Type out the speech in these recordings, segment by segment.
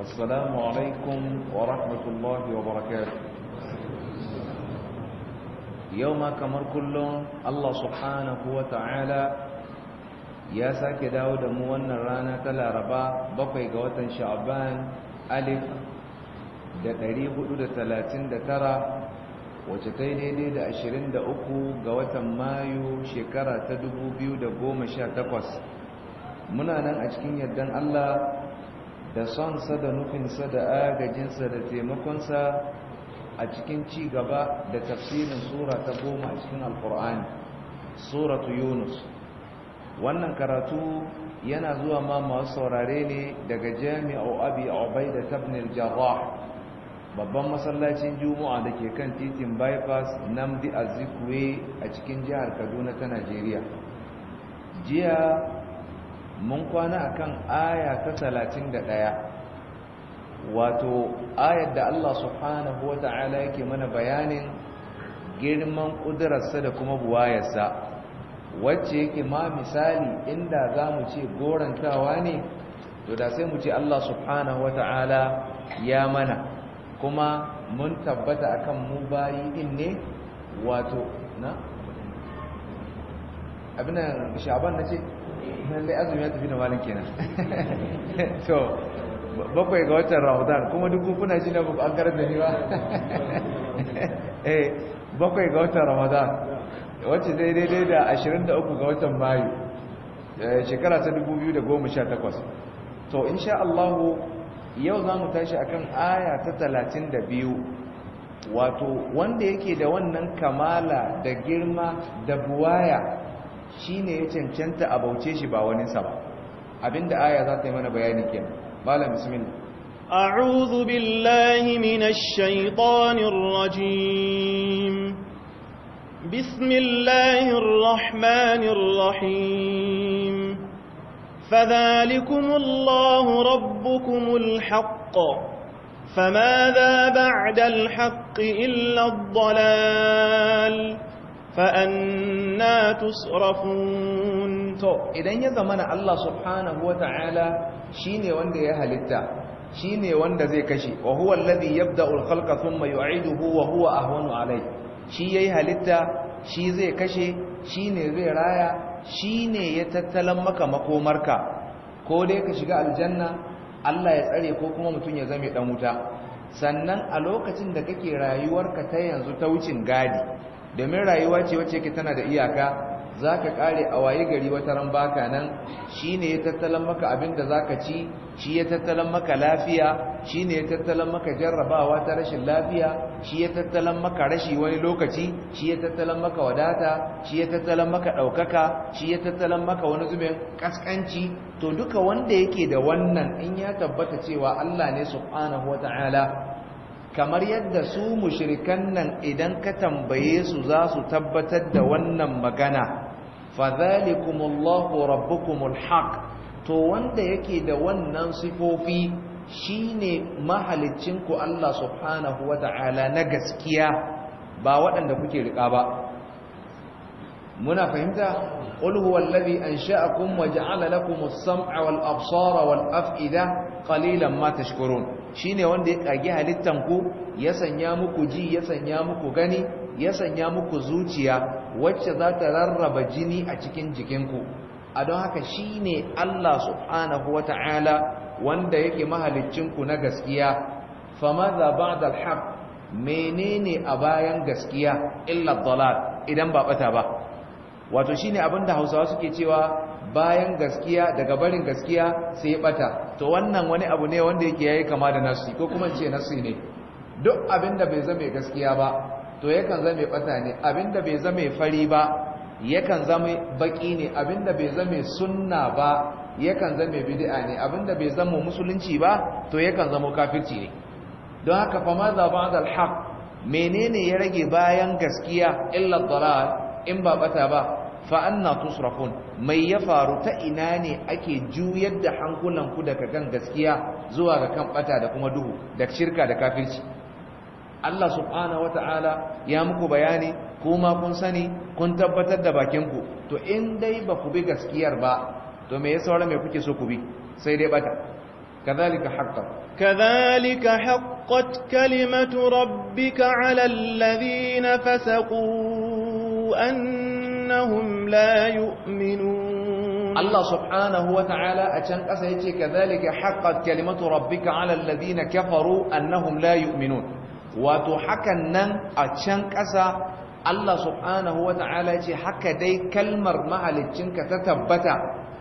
السلام عليكم ورحمة الله وبركاته يوم كمر كل الله سبحانه وتعالى يا ساك داود موانا رانا تلا ربا بقي قوتا شعبان ألف da 439 wacce ta yi daidai da 23 ga watan mayu shekara ta 2018 muna nan a cikin yardan Allah da sonsa da nufinsa da agajinsa da taimakonsa a cikin ci gaba da tafsirin sura ta goma a cikin alkur'ani suratu yunus wannan karatu yana zuwa ma masu saurare ne daga Jami, abi obai da tabnil jarrah babban masallacin juma'a da ke kan titin bypass namdi azikwe a cikin jihar kaduna ta najeriya jiya mun kwana a kan aya ta 31 wato ayar da Allah subhanahu wata'ala yake mana bayanin girman ƙudurarsa da kuma buwayarsa wacce yake ma misali inda za mu ce gorantawa ne to da sai mu ce Allah subhanahu wata'ala ya mana kuma mun tabbata akan mu bayi din ne wato na abinan shaban na ce lallai azumi ya tafi da malin kenan to bakwai ga watan ramadan kuma duk kuna shi na an karar da ni ba eh bakwai ga watan ramadan wacce daidai da 23 ga watan mayu eh, shekara ta 2018 to insha Allah yau za mu tashi akan aya ta 32 wato wanda yake da wannan kamala da girma da buwaya shi ne ya cancanta a bauce shi ba waninsa ba abinda aya za ta yi mana bayani ke malam bismillah a'udhu billahi minash shaitanir rajim bismillahir rahmanir rahim fadhalikumullahu rabbukumul haqq فماذا بعد الحق إلا dalal fa'anna tusrafun idan ya zama na Allah subhanahu wa ta'ala shi ne wanda ya halitta shi ne wanda zai kashe wa huwa alladhi yabda'u al-khalqa thumma yu'iduhu wa huwa ahwanu alayh shi yayi halitta shi zai kashe shi ne zai raya shi ne ya tattalan maka makomarka ko dai ka shiga aljanna Allah ya tsare ko kuma mutum ya zame dan wuta sannan a lokacin da kake rayuwarka ta yanzu ta wucin gadi domin rayuwa ce wacce ke tana da iyaka za ka kare a waye gari wata ran baka nan shi ne ya tattalin maka abin da za ka ci shi ya tattalin maka lafiya shi ne ya tattalin maka jarrabawa ta rashin lafiya shi ya tattalin maka rashi wani lokaci shi ya tattalin maka wadata shi ya tattalin maka ɗaukaka shi ya tattalin maka wani zubin ƙasƙanci to duka wanda yake da wannan in ya tabbata cewa allah ne subhanahu wa ta'ala kamar yadda su mushrikan nan idan ka tambaye su za su tabbatar da wannan magana fadhalikumullahu rabbukumul haq to wanda yake da wannan sifofi shine ku Allah subhanahu wata'ala na gaskiya ba waɗanda kuke riƙa ba muna fahimta قل هو الذي أنشأكم وجعل لكم السمع والأبصار والأفئدة قليلا ما تشكرون Shi ne wanda ya kage halittanku ya sanya muku ji ya sanya muku gani ya sanya muku zuciya wacce za ta rarraba jini a cikin jikinku a don haka shi ne Allah subhanahu Ta'ala wanda yake mahalicinku na gaskiya da alhaf mene menene a bayan gaskiya illa dalal idan ba bata ba wato shi shine abinda Hausawa suke cewa bayan gaskiya daga barin gaskiya sai bata to wannan wani abu ne wanda yake yayi kama da nasi ko kuma ce nasi ne duk abinda bai zame gaskiya ba to yakan zame bata ne abinda bai zame fari ba yakan zame baki ne abinda bai zame sunna ba yakan zame bid'a ne abinda bai zama musulunci ba to yakan zamo kafirci ne don haka fa ma za ba'd al-haq menene ya rage bayan gaskiya illa dalal in ba bata ba fa tusrafun mai ya faru ta ina ne ake juyar da hankulan ku daga kan gaskiya zuwa ga kan bata da kuma duhu da shirka da kafirci Allah subhanahu wata'ala ya muku bayani kuma kun sani kun tabbatar da bakin ku to in dai ba ku bi gaskiyar ba to me ya saura me kuke so ku bi sai dai bata كذلك حقا كذلك حقت كلمة ربك على الذين فسقوا أن أنهم لا يؤمنون الله سبحانه وتعالى أتشان قصة كذلك حقت كلمة ربك على الذين كفروا أنهم لا يؤمنون وتحكى النن أتشان قصة الله سبحانه وتعالى حكى دي كلمر مع لتشنك تتبتا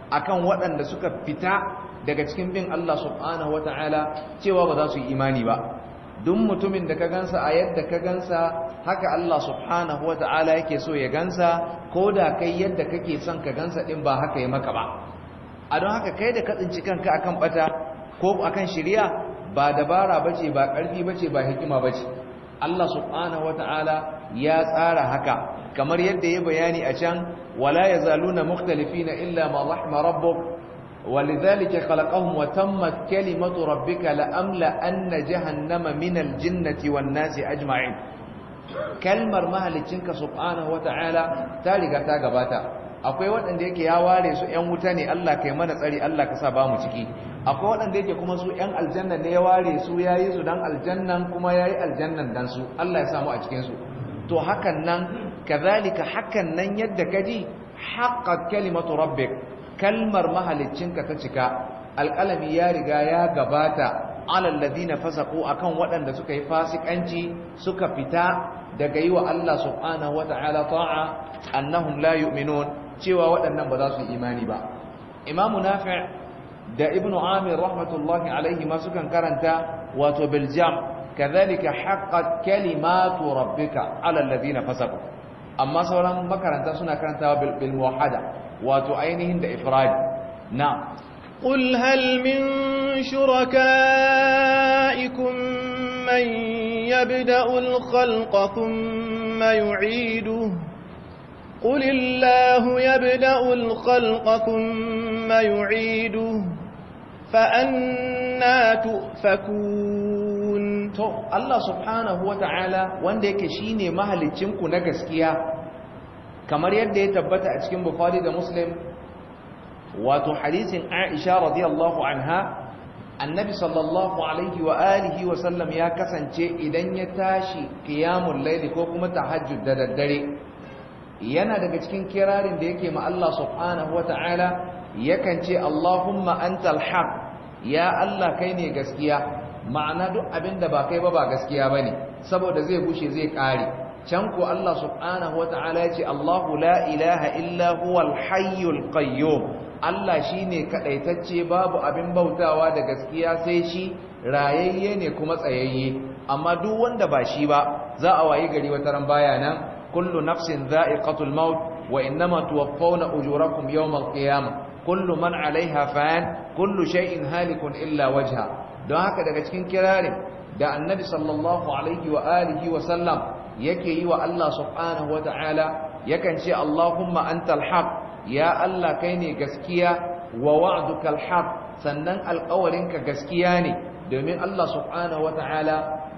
akan waɗanda suka fita daga cikin bin Allah subhanahu wataala cewa ba za su yi imani ba duk mutumin da ka gansa a yadda ka gansa haka Allah subhanahu wa ta'ala yake so ya gansa ko da kai yadda kake son ka gansa ɗin ba haka ya maka ba a don haka kai da ka tsinci kanka akan bata ko akan shirya ba dabara bace ba karfi bace ba hikima bace Allah subhanahu wa ta'ala ya tsara haka kamar yadda ya bayani a can wala ya muktalifi na illa ma rahma rabbuk ولذلك خلقهم وتمت كلمة ربك لأملأن جهنم من الجنة والناس أجمعين kalmar mahalicinka subhanahu wata'ala ta riga ta gabata akwai waɗanda yake ya ware su ‘yan wuta ne Allah kai mana tsari Allah ka sa ba mu ciki akwai waɗanda yake kuma su ‘yan aljanna ne ya ware su ya yi su don aljannan kuma ya yi aljannan don su Allah ya samu a cikinsu to hakan nan kazalika hakan nan yadda ka ji haƙa kalimatu rabbik kalmar mahalicinka ta cika alƙalami ya riga ya gabata alal ladina fasaqu akan waɗanda suka yi fasikanci suka fita daga yi wa Allah subhanahu wa ta'ala ta'a annahum la yu'minun cewa waɗannan ba za su imani ba imamu nafi' da ibnu amir rahmatullahi alaihi ma kan karanta wato bil jam kadhalika haqqat kalimatu rabbika ala alladhina fasaqu amma sauran makaranta suna karantawa bil muwahada wato ainihin da ifrad na قل هل من شركائكم من يبدأ الخلق ثم يعيده قل الله يبدأ الخلق ثم يعيده فأنا تؤفكون الله سبحانه وتعالى وانديك شيني مهل تشمكو نقس كيا كما ريال دي تبتع تشكين بخالد مسلم واتو وتحديث عائشة رضي الله عنها annabi sallallahu alaihi wa alihi wa sallam ya kasance idan ya tashi qiyamul laili ko kuma tahajjud da daddare yana daga cikin kirarin da yake ma Allah subhanahu wa ta'ala yakan ce Allahumma antal haq ya Allah kai ne gaskiya ma'ana duk abinda ba kai ba ba gaskiya bane saboda zai bushe zai kare can ko Allah subhanahu wa ta'ala ya ce Allahu la ilaha illa huwal hayyul qayyum Allah shi ne kaɗaitacce babu abin bautawa da gaskiya sai shi rayayye ne kuma tsayayye amma duk wanda ba shi ba za a wayi gari wata ran baya nan kullu nafsin za'iqatul maut wa innama tuwaffawna ujurakum yawmal qiyamah kullu man 'alayha fan kullu shai'in halikun illa wajha don haka daga cikin kirarin da annabi sallallahu alaihi wa alihi wa sallam yake yi wa Allah subhanahu wa ta'ala yakan ce Allahumma antal haqq ya Allah kai ne gaskiya wa wa'dukal haq sannan alƙawarinka gaskiya ne domin Allah subhanahu wata'ala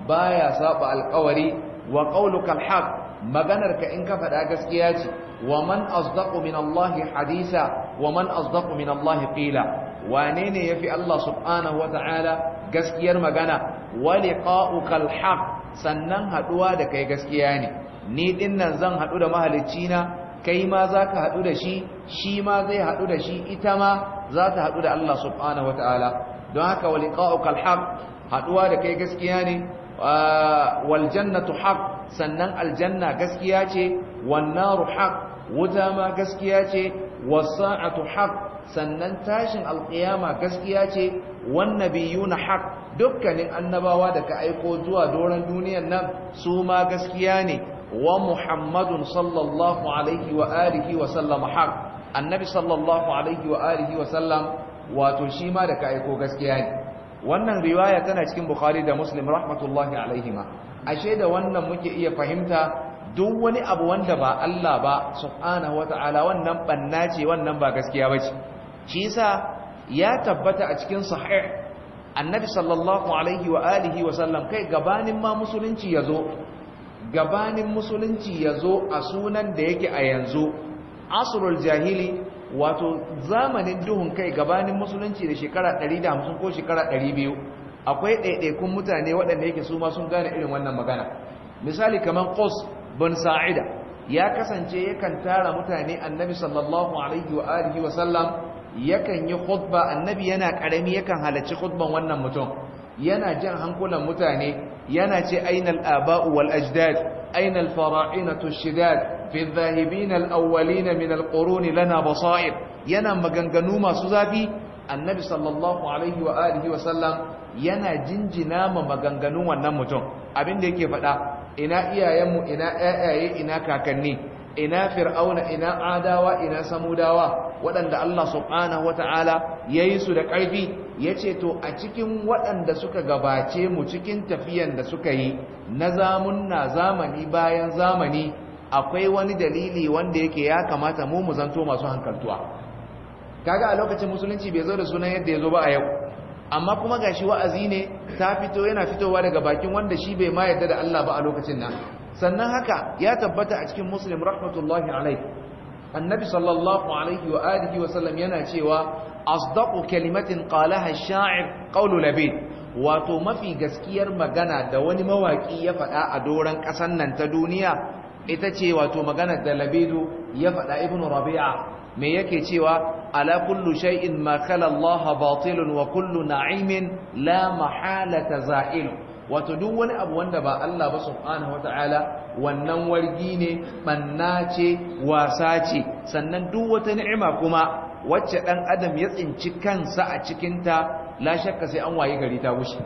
baya saba alƙawari wa qaulukal haq maganarka in ka faɗa gaskiya ce wa man asdaqu min Allah hadisa wa man asdaqu min Allah qila wane ne yafi Allah subhanahu wata'ala gaskiyar magana wa liqa'ukal haq sannan haɗuwa da kai gaskiya ne ni dinnan zan haɗu da mahaliccina kai ma za ka haɗu da shi shi ma zai haɗu da shi ita ma za ta haɗu da Allah subhanahu wa ta'ala don haka wa liqa'uka alhaq haɗuwa da kai gaskiya ne waljannatu jannatu sannan aljanna gaskiya ce wan naru wuta ma gaskiya ce was sa'atu sannan tashin alƙiyama gaskiya ce wan nabiyuna haq dukkanin annabawa da ka aiko zuwa doron duniyar nan su ma gaskiya ne ومحمد صلى الله عليه وآله وسلم حق النبي صلى الله عليه وآله وسلم وتشيما لك أيكو غسكيان wannan riwaya tana cikin Bukhari da Muslim rahmatullahi alaihima ashe da wannan muke iya fahimta duk wani abu wanda ba Allah ba subhanahu wataala wannan banna ce wannan ba gaskiya bace shi yasa ya tabbata a cikin sahih annabi sallallahu alaihi wa alihi wa sallam kai gabanin ma musulunci zo. gabanin musulunci ya zo a sunan da yake a yanzu asrul jahili wato zamanin duhun kai gabanin musulunci da shekara 150 ko shekara 200 akwai ɗaiɗaikun mutane waɗanda yake su ma sun gane irin wannan magana misali kamar Kos bin sa'ida ya kasance yakan tara mutane annabi sallallahu alaihi wa alihi wa sallam yakan yi khutba annabi yana karami yakan halarci khutban wannan mutum yana jan hankulan mutane yana ce ainal aba'u wal ajdad ainal fara'inatu shidad fi dhahibin na awwalin min al qurun lana basair yana maganganu masu zafi annabi sallallahu alaihi wa alihi wa sallam yana jinjina ma maganganun wannan mutum abin da yake faɗa ina iyayenmu ina ƴaƴaye ina kakanni ina fir'auna ina adawa ina samudawa waɗanda Allah subhanahu wata'ala yayi su da ƙarfi ya ce to a cikin waɗanda suka gabace mu cikin tafiyan da suka yi na zamunna zamani bayan zamani akwai wani dalili wanda yake ya kamata mu mu zanto masu hankaltuwa kaga a lokacin musulunci bai zo da sunan yadda ya zo ba a yau amma kuma gashi wa'azi ne ta fito yana fitowa daga bakin wanda shi bai ma yadda da Allah ba a lokacin nan sannan haka ya tabbata a cikin muslim rahmatullahi alaihi annabi sallallahu alaihi wa alihi wa sallam yana cewa asdaqu kalimatin qalaha ash-sha'ir qawlu labid wato mafi gaskiyar magana da wani mawaki ya faɗa a doran ƙasar nan ta duniya ita ce wato magana da labidu ya faɗa ibnu rabi'a me yake cewa ala kullu shay'in ma khala Allah batilun wa kullu na'imin la mahalata za'il wato duk wani abu wanda ba Allah ba subhanahu wata'ala wannan wargi ne banna ce wasa ce sannan duk wata ni'ima kuma wacce ɗan adam ya tsinci kansa a cikinta la shakka sai an waye gari ta wuce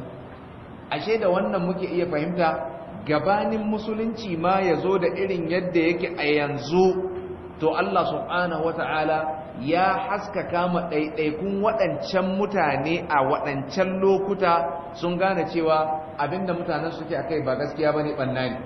ashe da wannan muke iya fahimta gabanin musulunci ma ya zo da irin yadda yake a yanzu to Allah subhanahu Ta'ala ya haskaka ma ɗaiɗaikun waɗancan mutane a waɗancan lokuta sun gane cewa abinda mutanen suke kai ba gaskiya ne ɓanna ne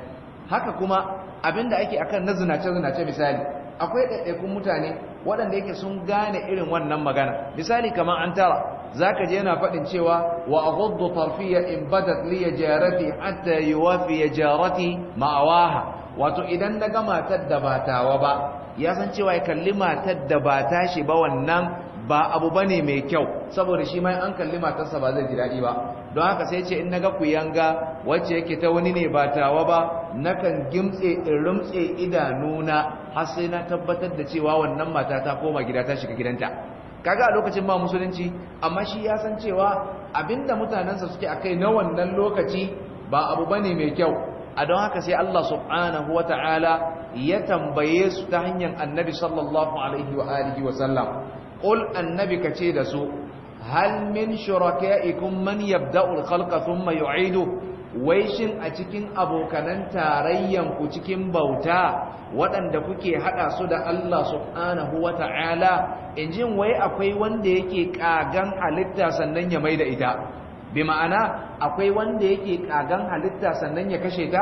haka kuma abinda ake kan na zinace zinace misali akwai ɗaiɗaikun mutane waɗanda yake sun gane irin wannan magana misali kamar an tara za ka je yana faɗin cewa wa gudu tarfiya in badat liya jarati hatta yuwafi jarati ma'awaha wato idan na ga matar da ba tawa ba ya san cewa ya kalli matar da ba tashi ba wannan ba abu ba ne mai kyau saboda shi mai an kalli matarsa ba zai ji daɗi ba don haka sai ce in naga kuyanga wacce yake ta wani ne ba tawa ba nakan gimtse in rumtse idanuna har sai na tabbatar da cewa wannan mata ta koma gida ta shiga gidanta kaga a lokacin ba musulunci amma shi ya san cewa abinda mutanensa suke a kai na wannan lokaci ba abu bane mai kyau a don haka sai Allah subhanahu wata'ala ya tambaye su ta hanyar annabi sallallahu alaihi wa alihi wa sallam qul annabi kace da su hal min shuraka'ikum man yabda'u al-khalqa thumma yu'idu wai shin a cikin abokanan tarayyan ku cikin bauta waɗanda kuke haɗa su da Allah subhanahu ta'ala injin wai akwai wanda yake kagan halitta sannan ya maida ita bi ma'ana akwai wanda yake kagan halitta sannan ya kashe ta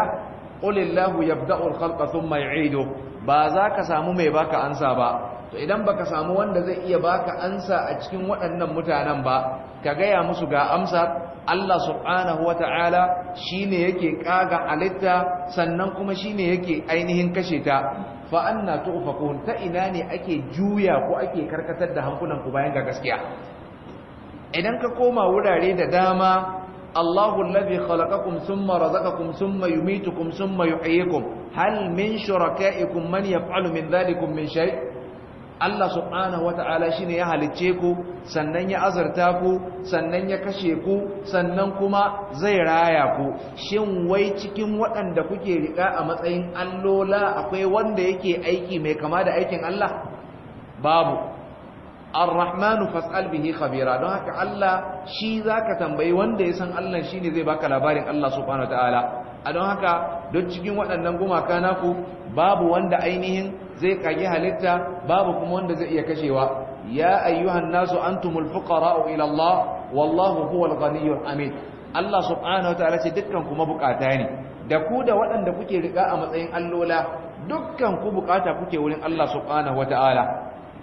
qulillahu yabda'u al-khalqa thumma yu'idu ba za ka samu mai baka ansa ba to idan baka samu wanda zai iya baka ansa a cikin waɗannan mutanen ba ka gaya musu ga amsa Allah subhanahu wa ta'ala shi ne yake ƙaga alitta sannan kuma shi ne yake ainihin kashe ta fa'an na ta ina ne ake juya ko ake karkatar da ku bayan ga gaskiya idan ka koma wurare da dama Allahu alladhi khalaqakum thumma razaqakum thumma yumitukum thumma yuhyikum hal min shuraka'ikum man yaf'alu min dhalikum min shay' Allah subhanahu wata'ala shine ya halicce ku sannan ya azurta ku sannan ya kashe ku sannan kuma zai raya ku shin wai cikin waɗanda kuke riƙa a matsayin allola akwai wanda yake aiki mai kama da aikin Allah babu ar-rahmanu fas'al bihi khabira don haka Allah shi zaka tambayi wanda ya san Allah shine zai baka labarin Allah subhanahu wata'ala a don haka don cikin waɗannan gumaka naku babu wanda ainihin zai kage halitta babu kuma wanda zai iya kashewa ya ayyuhan nasu antumul fuqara'u ila Allah wallahu huwal ghaniyyul amin. Allah subhanahu wataala ce dukkan kuma bukata ne da ku da waɗanda kuke riga a matsayin allola dukkan ku bukata kuke wurin Allah subhanahu wataala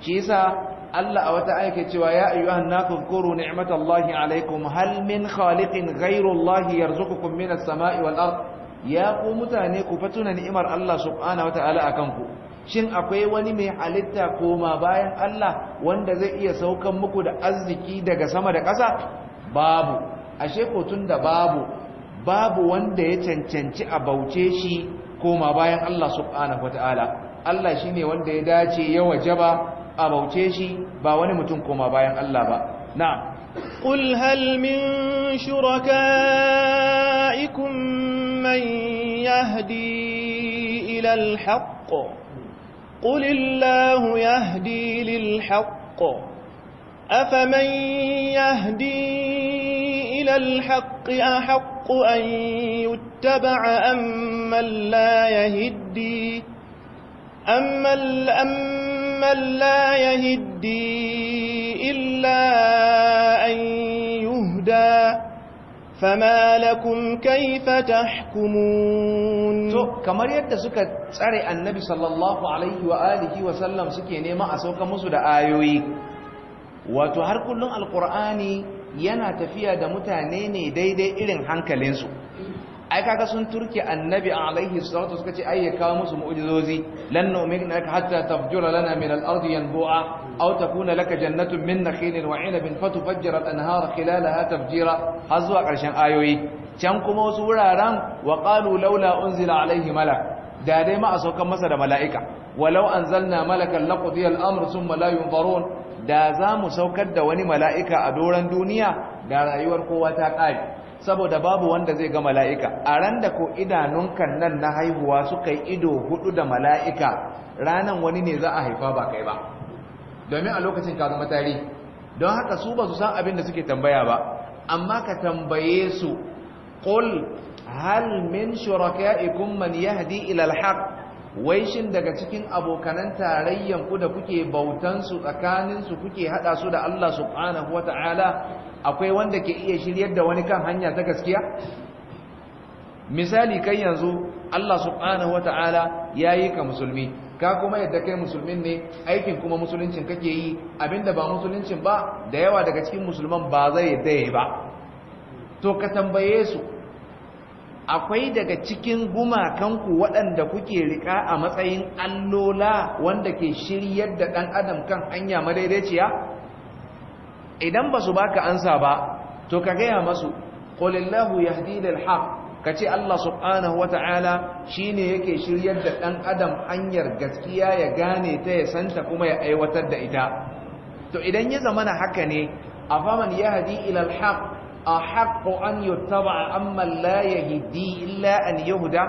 shi yasa Allah a wata aika cewa ya ayyuhan kuru ni'matallahi alaikum hal min khaliqin ghayru Allah yarzuqukum minas sama'i wal ard ya ku mutane ku fatuna ni'imar Allah subhanahu wataala akan ku shin akwai wani mai halitta koma bayan Allah wanda zai iya saukan muku da arziki daga sama da ƙasa babu ashe ko da babu babu wanda ya cancanci a bauce shi koma bayan Allah subhanahu wataala Allah shine wanda ya dace ya wajaba a bauce shi ba wani mutum koma bayan Allah ba na'am qul hal min shurakaa أولئكم من يهدي إلى الحق قل الله يهدي للحق أفمن يهدي إلى الحق أحق أن يتبع أم لا يهدي أم أمن لا يهدي إلا فما لكم كيف تحكمون to kamar yadda suka tsare annabi sallallahu alaihi wa alihi wa sallam suke nema a sauka musu da ayoyi wato har kullun alqur'ani yana tafiya da mutane ne daidai irin hankalinsu ai kaga sun turke annabi alaihi salatu suka ce ai ya kawo musu mu'jizozi lan nu'mina laka hatta tafjura lana min al-ardi yanbu'a aw takuna laka jannatun min nakhilin wa 'inabin fatufajjira al-anhara khilalaha tafjira har zuwa karshen ayoyi can kuma wasu wuraren wa qalu laula unzila alaihi malak da dai ma a saukan masa da mala'ika walau anzalna malakan laqudiya al-amr thumma la yunzarun da za mu saukar da wani mala'ika a doran duniya da rayuwar kowa ta kare saboda babu wanda zai ga mala'ika a ran da ko idanunka nan na haihuwa suka yi ido hudu da mala'ika ranan wani ne za a haifa ba kai ba domin a lokacin ka zama don haka su ba su san abin da suke tambaya ba amma ka tambaye su ƙul hal min ikun man yahdi ilal haq wai shin daga cikin abokanan tarayyan ku da kuke bautan su tsakanin kuke haɗa su da Allah subhanahu ta'ala akwai wanda ke iya shiryar da wani kan hanya ta gaskiya misali kai yanzu Allah subhanahu wata'ala yayi ka musulmi ka kuma yadda kai musulmin ne aikin kuma musuluncin kake yi abinda ba musuluncin ba da yawa daga cikin musulman ba zai yadda daya ba to ka tambaye su akwai daga cikin ku waɗanda kuke riƙa a matsayin allola wanda ke shiryar da ɗan adam kan hanya madaidaiciya idan ba su baka ansa ba to ka gaya masu qulillahu yahdi Haq, ka kace Allah subhanahu wata'ala ne yake shiryar da ɗan adam hanyar gaskiya ya gane ta ya santa kuma ya aiwatar da ita to idan ya zamana haka ne afaman yahdi ila al haqq ahqqu an yuttaba amma la hidi illa an yuhda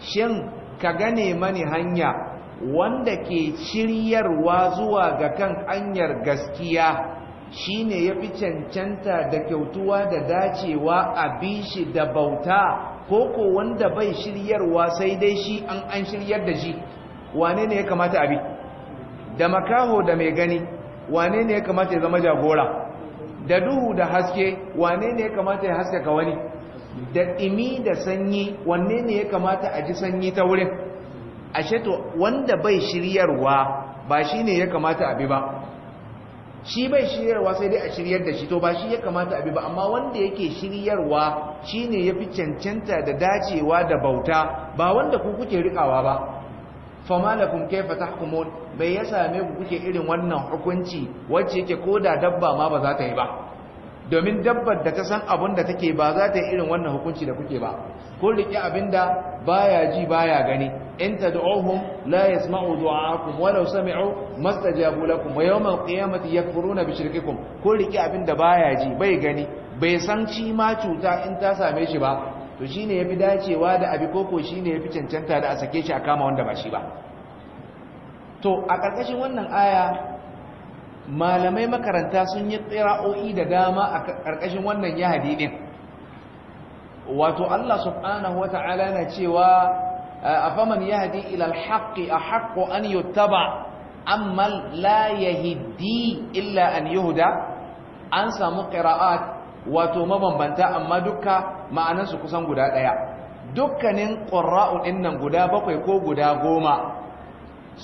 shin ka gane mani hanya wanda ke shiryarwa zuwa ga kan hanyar gaskiya shi ne ya fi cancanta da kyautuwa da dacewa a bishi da bauta ko ko wanda bai shiryarwa sai dai shi an an shiryar da shi wane ne ya kamata abi da makaho da mai gani wane ne ya kamata ya zama jagora da duhu da haske wane ne ya kamata ya haske ka wani da ɗimi da sanyi wanne ne ya kamata a ji sanyi ta wurin ashe to wanda bai shiryarwa ba shi ne ya kamata abi ba shi bai shiryarwa sai dai a shiryar da shi to ba shi ya kamata abi ba amma wanda yake shiryarwa shine yafi cancanta da dacewa da bauta ba wanda ku kuke rikawa ba fama lakum kayfa tahkumun bai ya same ku kuke irin wannan hukunci wacce yake da dabba ma ba za ta yi ba domin dabbar da ta san abin da take ba za ta yi irin wannan hukunci da kuke ba ko riƙe abin da baya ji baya gani in ohun la yasma'u du'aakum walau sami'u mastajabu lakum wa yawmal ya na bishirkikun ko riƙe abin da baya ji bai gani bai san ci ma cuta in ta same shi ba to shi ne ya fi dacewa da abi koko shi ya fi cancanta da a sake shi a kama wanda ba shi ba to a ƙarƙashin wannan aya malamai makaranta sun yi tsira'o'i da dama a ƙarƙashin wannan yahadi ɗin wato Allah subhanahu wata'ala na cewa a faman yahadi ilal haƙƙi a haƙƙo an yuttaba amma la yahidi illa an huda, an samu ƙira'at wato mabambanta amma dukka ma'anansu kusan guda ɗaya dukkanin ƙura'u ɗin nan guda bakwai ko guda goma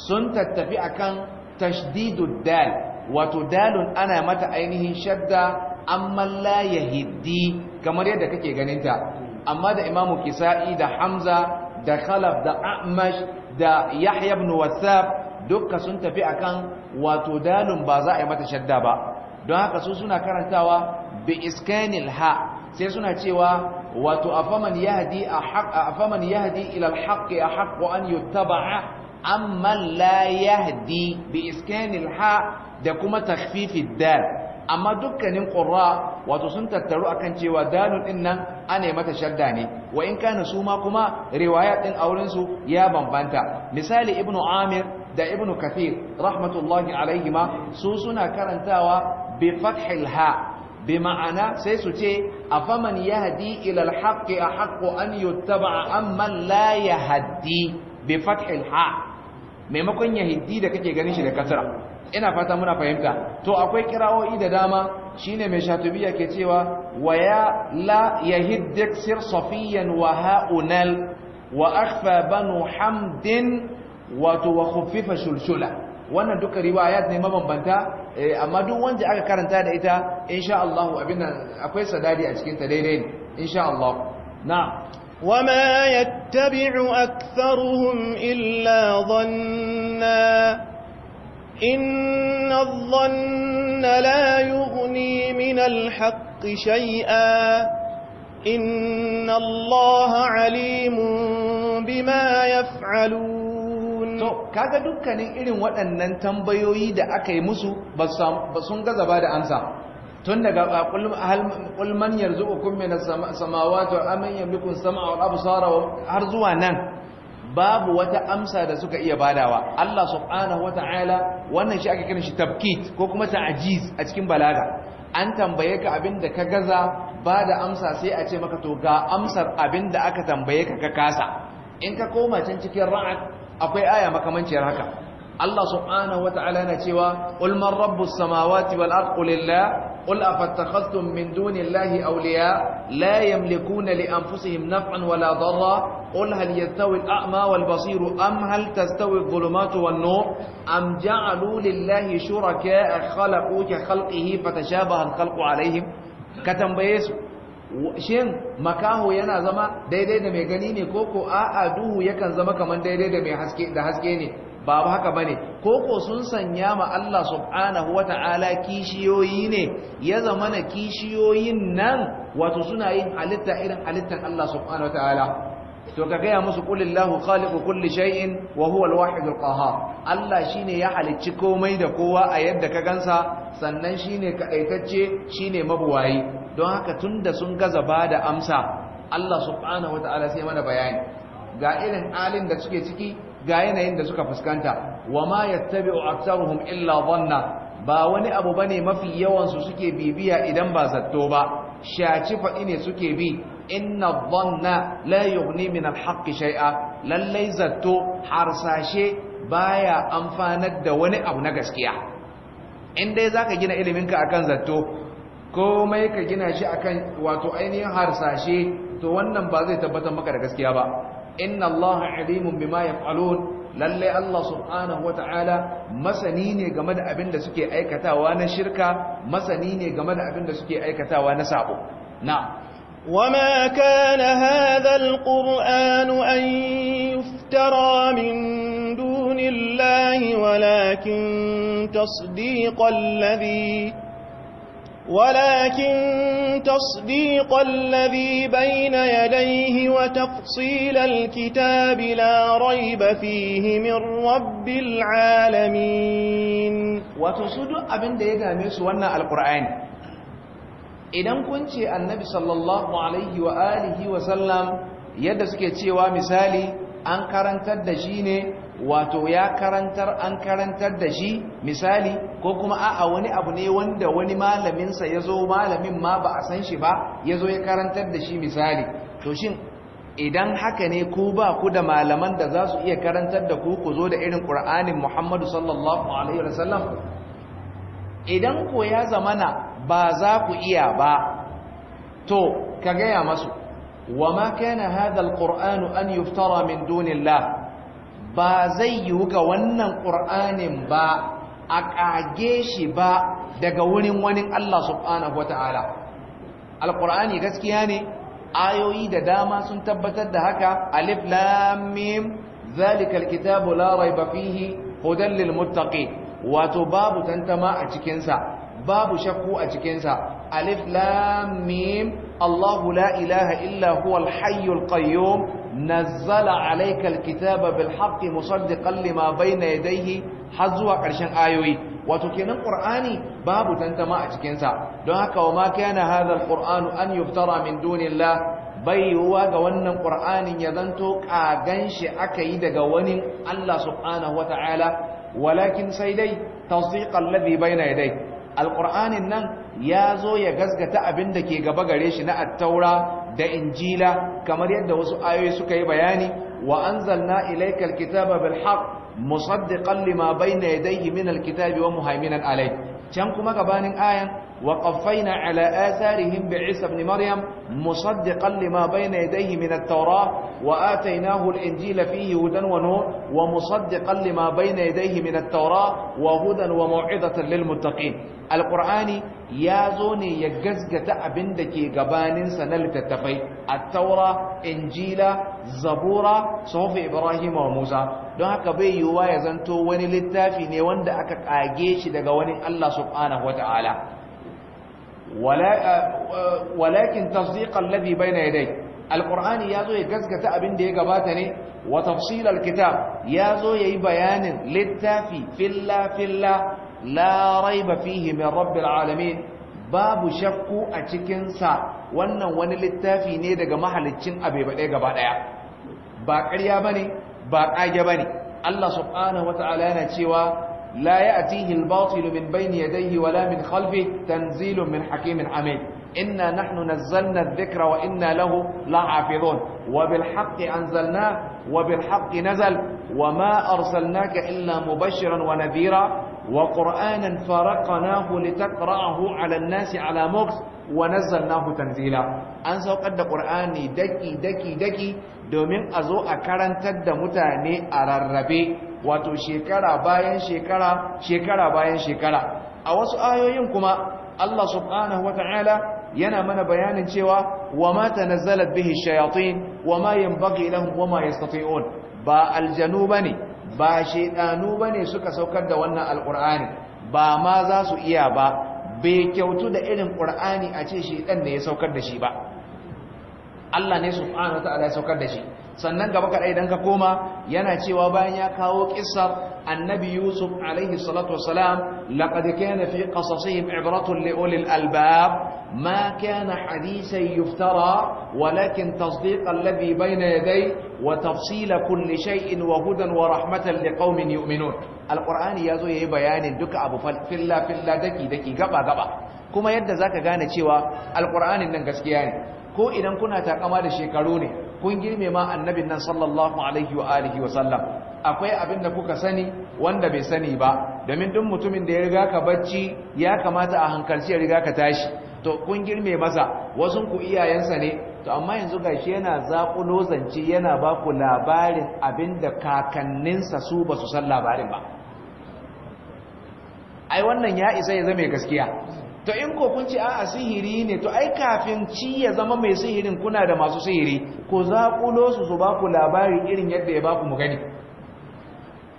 sun tattafi akan tashdidud dal wato dalun ana mata ainihin shadda amma la yahiddi kamar yadda kake ganinta amma da imamu kisa'i da hamza da khalaf da amash da yahya ibn wasab dukka sun tafi akan wato dalun ba za a yi mata shadda ba don haka su suna karantawa bi iskanil ha sai suna cewa wato afaman yahdi a haq afaman yahdi ila al haqq ahq an yuttaba'a amma la yahdi bi iskanil ha da kuma takfifid dal amma dukkanin qurra wato sun tattaru akan cewa dalun din nan ana mata shadda ne wa in kana su ma kuma riwaya din auren su ya bambanta misali ibnu amir da ibnu kathir rahmatullahi alaihima su suna karantawa bi fathil ha bi ma'ana sai su ce afaman yahdi ila a ahqqu an yuttaba amma la yahdi bi fathil ha maimakon ya hiddi da kake ganin shi da kasara ina fata muna fahimta to akwai kirawoyi da dama shine mai shatubiya ke cewa waya la yahiddik sir safiyan wa haunal wa akhfa banu hamdin wato wa khuffifa shulshula wannan duka riwayat ne mabambanta eh, amma duk wanda aka karanta da ita insha Allah abin akwai sadadi a cikin ta daidai insha Allah na'am وما يتبع أكثرهم إلا ظنا إن الظن لا يغني من الحق شيئا إن الله عليم بما يفعلون كاكا دوكا ني إلي وأن ننتم بيويد أكي مسو بسون غزا بعد أنسان tun daga kulman yanzu ukun mai na samawata amin sama abusara har zuwa nan babu wata amsa da suka iya badawa Allah subhanahu wa ta'ala wannan shi aka kiran shi tabkit ko kuma ta'ajiz a cikin balaga an tambaye ka abin da ka gaza ba da amsa sai a ce maka to ga amsar abin da aka tambaye ka ka kasa in ka koma can cikin ra'ad akwai aya makamanciyar haka Allah subhanahu wa ta'ala na cewa qul man rabbus samawati wal ardi قل أفاتخذتم من دون الله أولياء لا يملكون لأنفسهم نفعا ولا ضرا قل هل يستوي الأعمى والبصير أم هل تستوي الظلمات والنور أم جعلوا لله شركاء خلقوا كخلقه فتشابه الخلق عليهم كتنبيس shin makaho yana zama daidai da mai gani ne koko a'a duhu yakan zama kaman daidai da mai haske da haske ne ba haka bane ko sun sanya ma Allah subhanahu wata'ala kishiyoyi ne ya zamana kishiyoyin nan wato suna yin halitta irin halittar Allah subhanahu wata'ala to ka gaya musu kulillahu khaliqu kulli shay'in wa huwa al-wahid al-qahhar Allah shine ya halicci komai da kowa a yadda ka gansa sannan shine kadaitacce shine mabuwayi don haka tunda sun gaza da amsa Allah subhanahu wata'ala sai mana bayani ga irin alin da suke ciki ga yanayin da suka fuskanta wa ma yattabi'u aktsaruhum illa dhanna ba wani abu bane mafi yawan su suke bibiya idan ba zato ba shaci faɗi ne suke bi inna dhanna la yughni min alhaqqi shay'a lallai zatto harsashe baya amfanar da wani abu na gaskiya in dai zaka gina ilimin ka akan zato, komai ka gina shi akan wato ainihin harsashe to wannan ba zai tabbatar maka da gaskiya ba inna Allah alimun bima yaf'alun lalle Allah subhanahu wataala masani ne game da abin da suke aikatawa na shirka masani ne game da abin da suke aikatawa na sabo na وما كان هذا القرآن أن يفترى من دون الله ولكن تصديق الذي ولكن تصديق الذي بين يديه وتفصيل الكتاب لا ريب فيه من رب العالمين وتصد أبن ديغا ميسو وانا القرآن إذن كنت النبي صلى الله عليه وآله وسلم يدسك تيوى مثالي أنكرا تدشيني wato ya karantar an karantar da shi misali ko kuma a'a wani abu ne wanda wani malaminsa ya zo malamin ma ba a san shi ba ya zo ya karantar da shi misali to shin idan haka ne ku ba ku da malaman da za su iya karantar da ku ku zo da irin ƙur'anin muhammadu sallallahu alaihi wasallam idan ku ya zamana ba za ku iya ba to ka gaya masu wa ma kana hadha alqur'anu an yuftara min dunillah ba zai yi ga wannan ƙur'anin ba a ƙage shi ba daga wurin wani Allah subhanahu wata'ala alƙur'ani gaskiya ne ayoyi da dama sun tabbatar da haka alif lam mim zalikal kitabu la raiba fihi hudan wato babu tantama a cikinsa babu shakku a cikinsa. alif lam mim Allahu la ilaha illa huwa al-hayy al-qayyum nazzala alayka al-kitaba bil haqqi musaddiqan lima bayna yadayhi har zuwa ƙarshen ayoyi wato kenan qur'ani babu tantama a cikinsa don haka wa ma kana hadha al-qur'anu an yuftara min dunillah bai huwa ga wannan qur'anin ya zanto kagan shi aka yi daga wani Allah subhanahu wata'ala walakin sai dai tasdiqan ladhi bayna yadayhi alƙur'anin nan ya zo ya gasgata abin da ke gaba gare shi na attaura da injila kamar yadda wasu ayoyi suka yi bayani wa anzalna ilaikal kitaba bil haqq musaddiqan lima bayna yadayhi min al kitabi wa muhaiminan alai can kuma gabanin ayan وقفينا على آثارهم بعيسى بن مريم مصدقا لما بين يديه من التوراة وآتيناه الإنجيل فيه هدى ونور ومصدقا لما بين يديه من التوراة وهدى وموعظة للمتقين القرآن ya zo ne ya gasgata abin da ke gabaninsa na littattafai a taura injila zabura sahufi ibrahim wa musa don haka bai yiwuwa ya zanto wani littafi ne wanda aka kage shi daga wani allah subhanahu wata'ala walakin tasdiqan ladhi bayna Alƙur'ani alqur'ani yazo ya gaskata abin da ya gabata ne wa tafsirar tafsil alkitab yazo yayi bayanin littafi filla filla la raiba fihi min rabbil alamin babu shakku a cikin sa wannan wani littafi ne daga mahaliccin abe bade gaba daya ba ƙarya bane ba ƙage bane Allah subhanahu wataala yana cewa لا يأتيه الباطل من بين يديه ولا من خلفه تنزيل من حكيم حميد إنا نحن نزلنا الذكر وإنا له لحافظون وبالحق أنزلناه وبالحق نزل وما أرسلناك إلا مبشرا ونذيرا وقرآنا فرقناه لتقرأه على الناس على مكس ونزلناه تنزيلا أنسى قد قرآني دكي دكي دكي دومين أزوء a تد متاني على da wato shekara bayan shekara shekara bayan shekara a wasu ayoyin kuma Allah subhanahu wataala yana mana bayanin cewa wama tanazzalat bihi shayatin ma yanbaghi lahum wama yastati'un ba aljanu bane ba shedanu bane suka saukar da wannan alqur'ani ba ma za su iya ba bai kyautu da irin qur'ani a ce shedan ne ya saukar da shi ba Allah ne subhanahu wataala ya saukar da shi sannan gaba kaɗai idan ka koma yana cewa bayan ya kawo ƙisar annabi yusuf alaihi salatu wasalam laqad kana fi qasasihim ibratun li ulil albab ma kana hadithan yuftara walakin tasdiq alladhi bayna yaday wa tafsil kulli shay'in wa hudan wa rahmatan li qaumin yu'minun alqur'ani yazo yayi bayanin duka abu filla filla daki daki gaba gaba kuma yadda zaka gane cewa alqur'anin nan gaskiya ne ko idan kuna takama da shekaru ne kun girme ma annabin nan sallallahu alaihi wa alihi wa sallam akwai abin da kuka sani wanda bai sani ba domin duk mutumin da ya riga ka bacci ya kamata a hankalci ya riga ka tashi to kun girme masa wasu ku iyayensa ne to amma yanzu gashi yana zaƙulo zance yana ba ku labarin abin da kakanninsa su ba su san labarin ba ai wannan ya isa ya zama gaskiya to in ko kun ce a'a sihiri ne to ai kafin ci ya zama mai sihirin kuna da masu sihiri ko ku su su ba ku labari irin yadda ya ba ku mu gani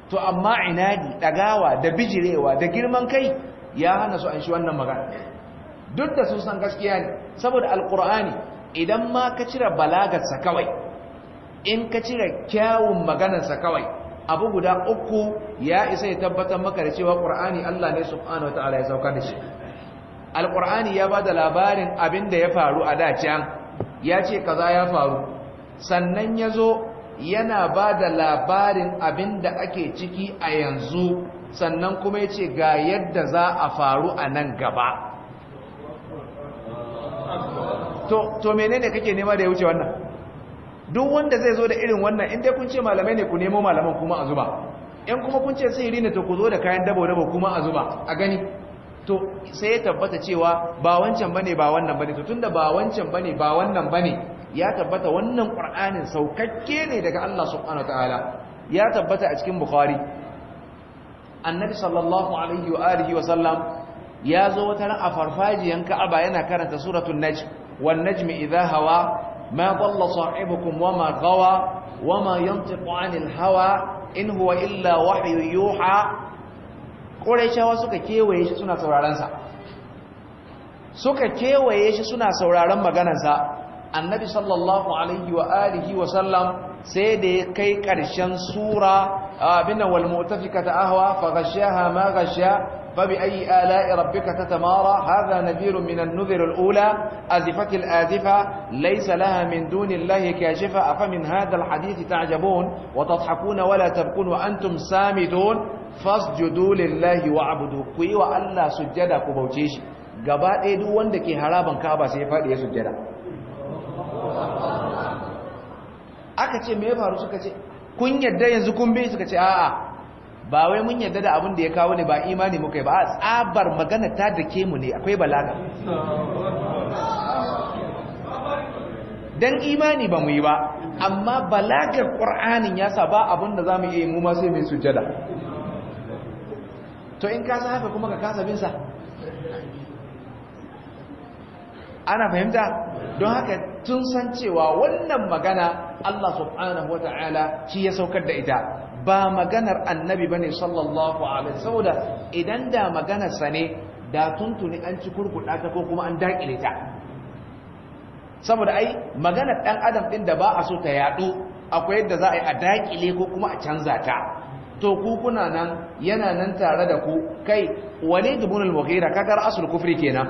to amma inadi ɗagawa da bijirewa da girman kai ya hana su an shi wannan magana duk da su san gaskiya ne saboda Alƙur'ani, idan ma ka cire balagarsa kawai in ka cire kyawun maganarsa kawai abu guda uku ya isa ya tabbatar maka da cewa ƙur'ani allah ne subhanahu wataala ya sauka da shi Alƙur'ani ya ba da labarin abin da ya faru a da can ya ce kaza ya faru sannan ya zo yana ba da labarin abin da ake ciki a yanzu sannan kuma ya ce ga yadda za a faru a nan gaba to menene kake nema da ya wuce wannan duk wanda zai zo da irin wannan inda kun ce malamai ne ku nemo malaman kuma a zuba in kuma kun ce sihiri ne to ku zo da kayan dabo-dabo kuma a zuba a gani to sai ya tabbata cewa ba wancan bane ba wannan bane to tunda ba wancan bane ba wannan bane ya tabbata wannan qur'anin saukakke ne daga Allah subhanahu wataala ya tabbata a cikin bukhari annabi sallallahu alaihi wa alihi wa sallam ya zo wata ran a farfajiyan ka'aba yana karanta suratul najm wan najmi idha hawa ma dhalla sahibukum wa ma gawa wa ma yantiqu anil hawa in huwa illa wahyu yuha ƙorashawa suka kewaye shi suna saurarensa suka kewaye shi suna maganansa annabi sallallahu alaihi wa alihi wa sallam sai da ya kai ƙarshen sura abinan ta ahwa faghashaha ma ghasha فبأي آلاء ربك تتمارى هذا نذير من النذر الأولى أزفت الآزفة ليس لها من دون الله كاشفة أفمن هذا الحديث تعجبون وتضحكون tabkun wa antum samidun fasjudu lillahi wa abudu ku yi wa Allah sujjada ku bauce shi gaba ɗaya duk wanda ke haraban Ka'aba sai ya faɗi ya sujjada aka ce me ya faru suka ce kun yadda yanzu kun bi suka ce a'a ba wai mun yadda da abin da ya kawo ne ba imani muka yi ba a tsabar magana ta da ke mu ne akwai balaga don imani ba mu yi ba amma balagar ƙur'anin ya sa ba abin da za mu iya yi mu ma sai mai sujjada. to in ka san haka kuma ka kasa binsa? ana fahimta don haka tun san cewa wannan magana Allah subhanahu Ta'ala shi ya saukar da ita ba maganar annabi bane sallallahu alaihi saboda idan da maganar sa ne da tuntuni an ci kurkuda ta ko kuma an dakile ta saboda ai maganar ɗan adam ɗin da ba a so ta yaɗu, akwai yadda za a yi a dakile ko kuma a canza ta to ku nan yana nan tare da ku kai wani dubunul mughira kagar asul kufri kenan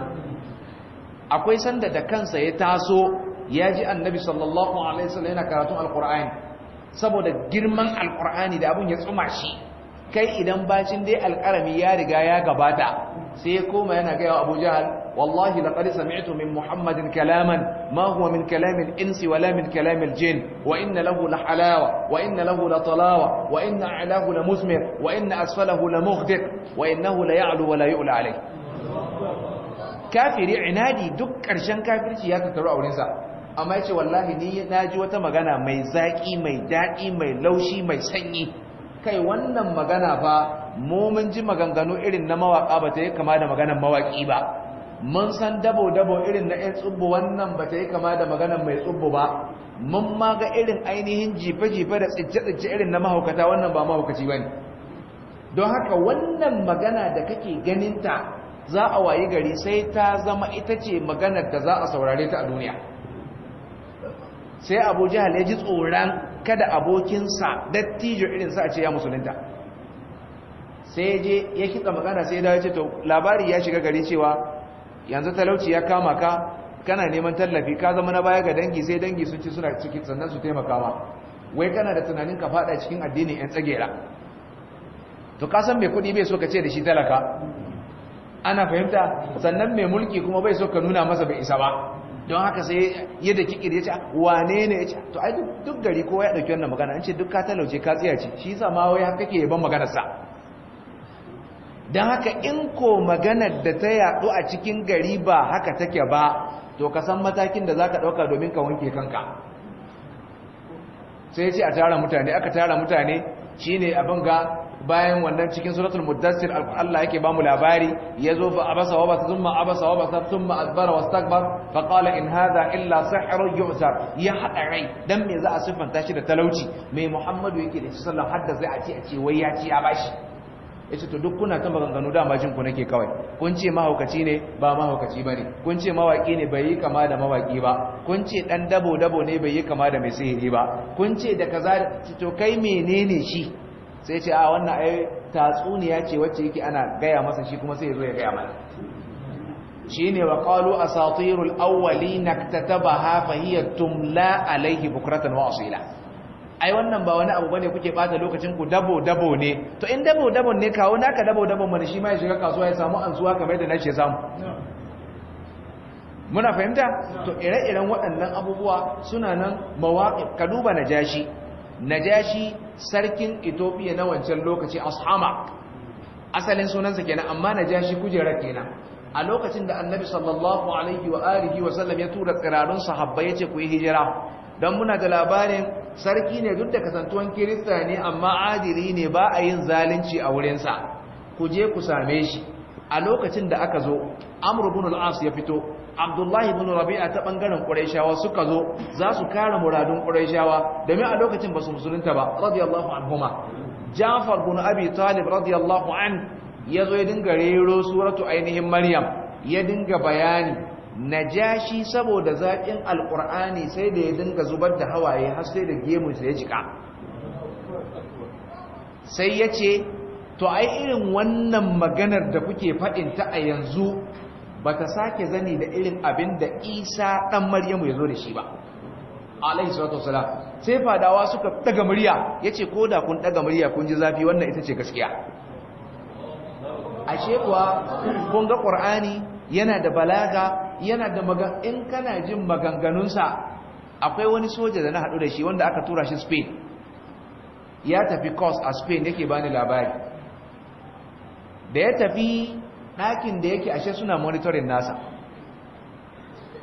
akwai sanda da kansa ya taso ya ji annabi sallallahu alaihi wasallam yana karatun alqur'ani saboda girman alqur'ani da abun ya tsuma shi kai idan bacin dai alqarami ya riga ya gabata sai ya koma yana ga Abu Jahal wallahi laqad sami'tu min muhammadin kalaman ma huwa min kalamil insi wala min kalamil jin wa inna lahu la wa inna lahu la wa inna a'lahu la wa inna asfalahu la mughdiq wa innahu la ya'lu wa la yu'la alayh kafiri inadi duk karshen kafirci ya tattaru a wurinsa amma yace wallahi ni ji wata magana mai zaƙi, mai daɗi, mai laushi mai sanyi kai wannan magana fa mu mun ji maganganu irin na mawaƙa ba ta yi kama da maganar mawaƙi ba mun san dabo-dabo irin na 'yan tsubbo wannan ba ta yi kama da maganan mai tsubbo ba mun ma ga irin ainihin jife-jife da tsince-tsince irin na mahaukata wannan ba mahaukaci ba ne don haka wannan magana da kake ganinta za a wayi gari sai ta zama ita ce maganar da za a saurare ta a duniya sai abu jihar ya ji tsoron kada abokinsa dattijo irinsa a ce ya musulunta sai je ya kitsa magana sai ya dawo to labari ya shiga gari cewa yanzu talauci ya kama ka kana neman tallafi ka zama na baya ga dangi sai dangi sun ci suna ciki sannan su taimaka ma wai kana da tunanin ka fada cikin addinin yan tsagera to ka san mai kuɗi bai so ka ce da shi talaka ana fahimta sannan mai mulki kuma bai so ka nuna masa bai isa ba don haka sai yadda kikir ya ce wane ne ya ce to ai duk gari kowa ya ɗauki wannan magana an ce duk ka talauce ka tsiyaci shi yasa ma wai haka kake yaban maganarsa don haka in ko maganar da ta yaɗu a cikin gari ba haka take ba to ka san matakin da za ka ɗauka domin ka wanke kanka sai ce a tara mutane aka tara mutane shi ne abin ga bayan wannan cikin suratul muddassir Allah yake ba mu labari ya zo fa abasa wa basa thumma abasa wa basa thumma adbara wastakbar fa qala in hadha illa sihrun yu'sar ya hada rai dan me za a siffanta shi da talauci mai Muhammadu yake da sallallahu hadda zai a ci a ce wai ya ci ya bashi ya ce to duk kuna ta maganganu da jin ku nake kawai kun ce mahaukaci ne ba mahaukaci bane kun ce mawaƙi ne bai yi kama da mawaƙi ba kun ce ɗan dabo dabo ne bai yi kama da mai sihiri ba kun ce da kaza to kai menene shi sai ce a wannan ai tatsuniya ce wacce yake ana gaya masa shi kuma sai ya zo ya gaya mana shine wa qalu asatirul awwalin iktatabaha fa hiya tumla alayhi bukratan wa asila ai wannan ba wani abu bane kuke bata lokacin ku dabo dabo ne to in dabo dabo ne kawo naka dabo dabo mana shi ma ya shiga kasuwa ya samu ansuwa kamar da nake samu muna fahimta to ire-iren waɗannan abubuwa suna nan mawaƙi ka duba najashi najashi sarkin Ethiopia na wancan lokaci ashama asalin sunansa kenan amma najashi kujerar kenan a lokacin da annabi sallallahu alaihi wa alihi wa sallam ya tura tsirarun sahabbai yace ku yi hijira don muna da labarin sarki ne duk da kasantuwan kirista ne amma adiri ne ba a yin zalunci a wurinsa ku je ku same shi a lokacin da aka zo amur bin al'as ya fito abdullahi bin rabi'a ta bangaren qurayshawa suka zo za su kare muradun qurayshawa domin a lokacin ba su musulunta ba radiyallahu anhuma jafar bin abi talib radiyallahu an ya zo ya dinga rero suratu ainihin maryam ya dinga bayani najashi saboda zaƙin alƙur'ani sai da ya dinga zubar da hawaye har sai da da ya jika sai ya ce to ai irin wannan maganar da kuke faɗin ta a yanzu ba ta sake zani da irin abin da isa ɗan maryamu ya zo da shi ba alaihi salatu wasalam sai fadawa suka ɗaga murya ya ce ko da kun ɗaga murya kun ji zafi wannan ita ce gaskiya ashe kuwa kun ga ƙur'ani yana da balaga yana da magan in kana jin maganganunsa akwai wani soja da na haɗu da shi wanda aka tura shi spain ya tafi course a spain yake bani labari da ya tafi ɗakin da yake ashe suna monitoring nasa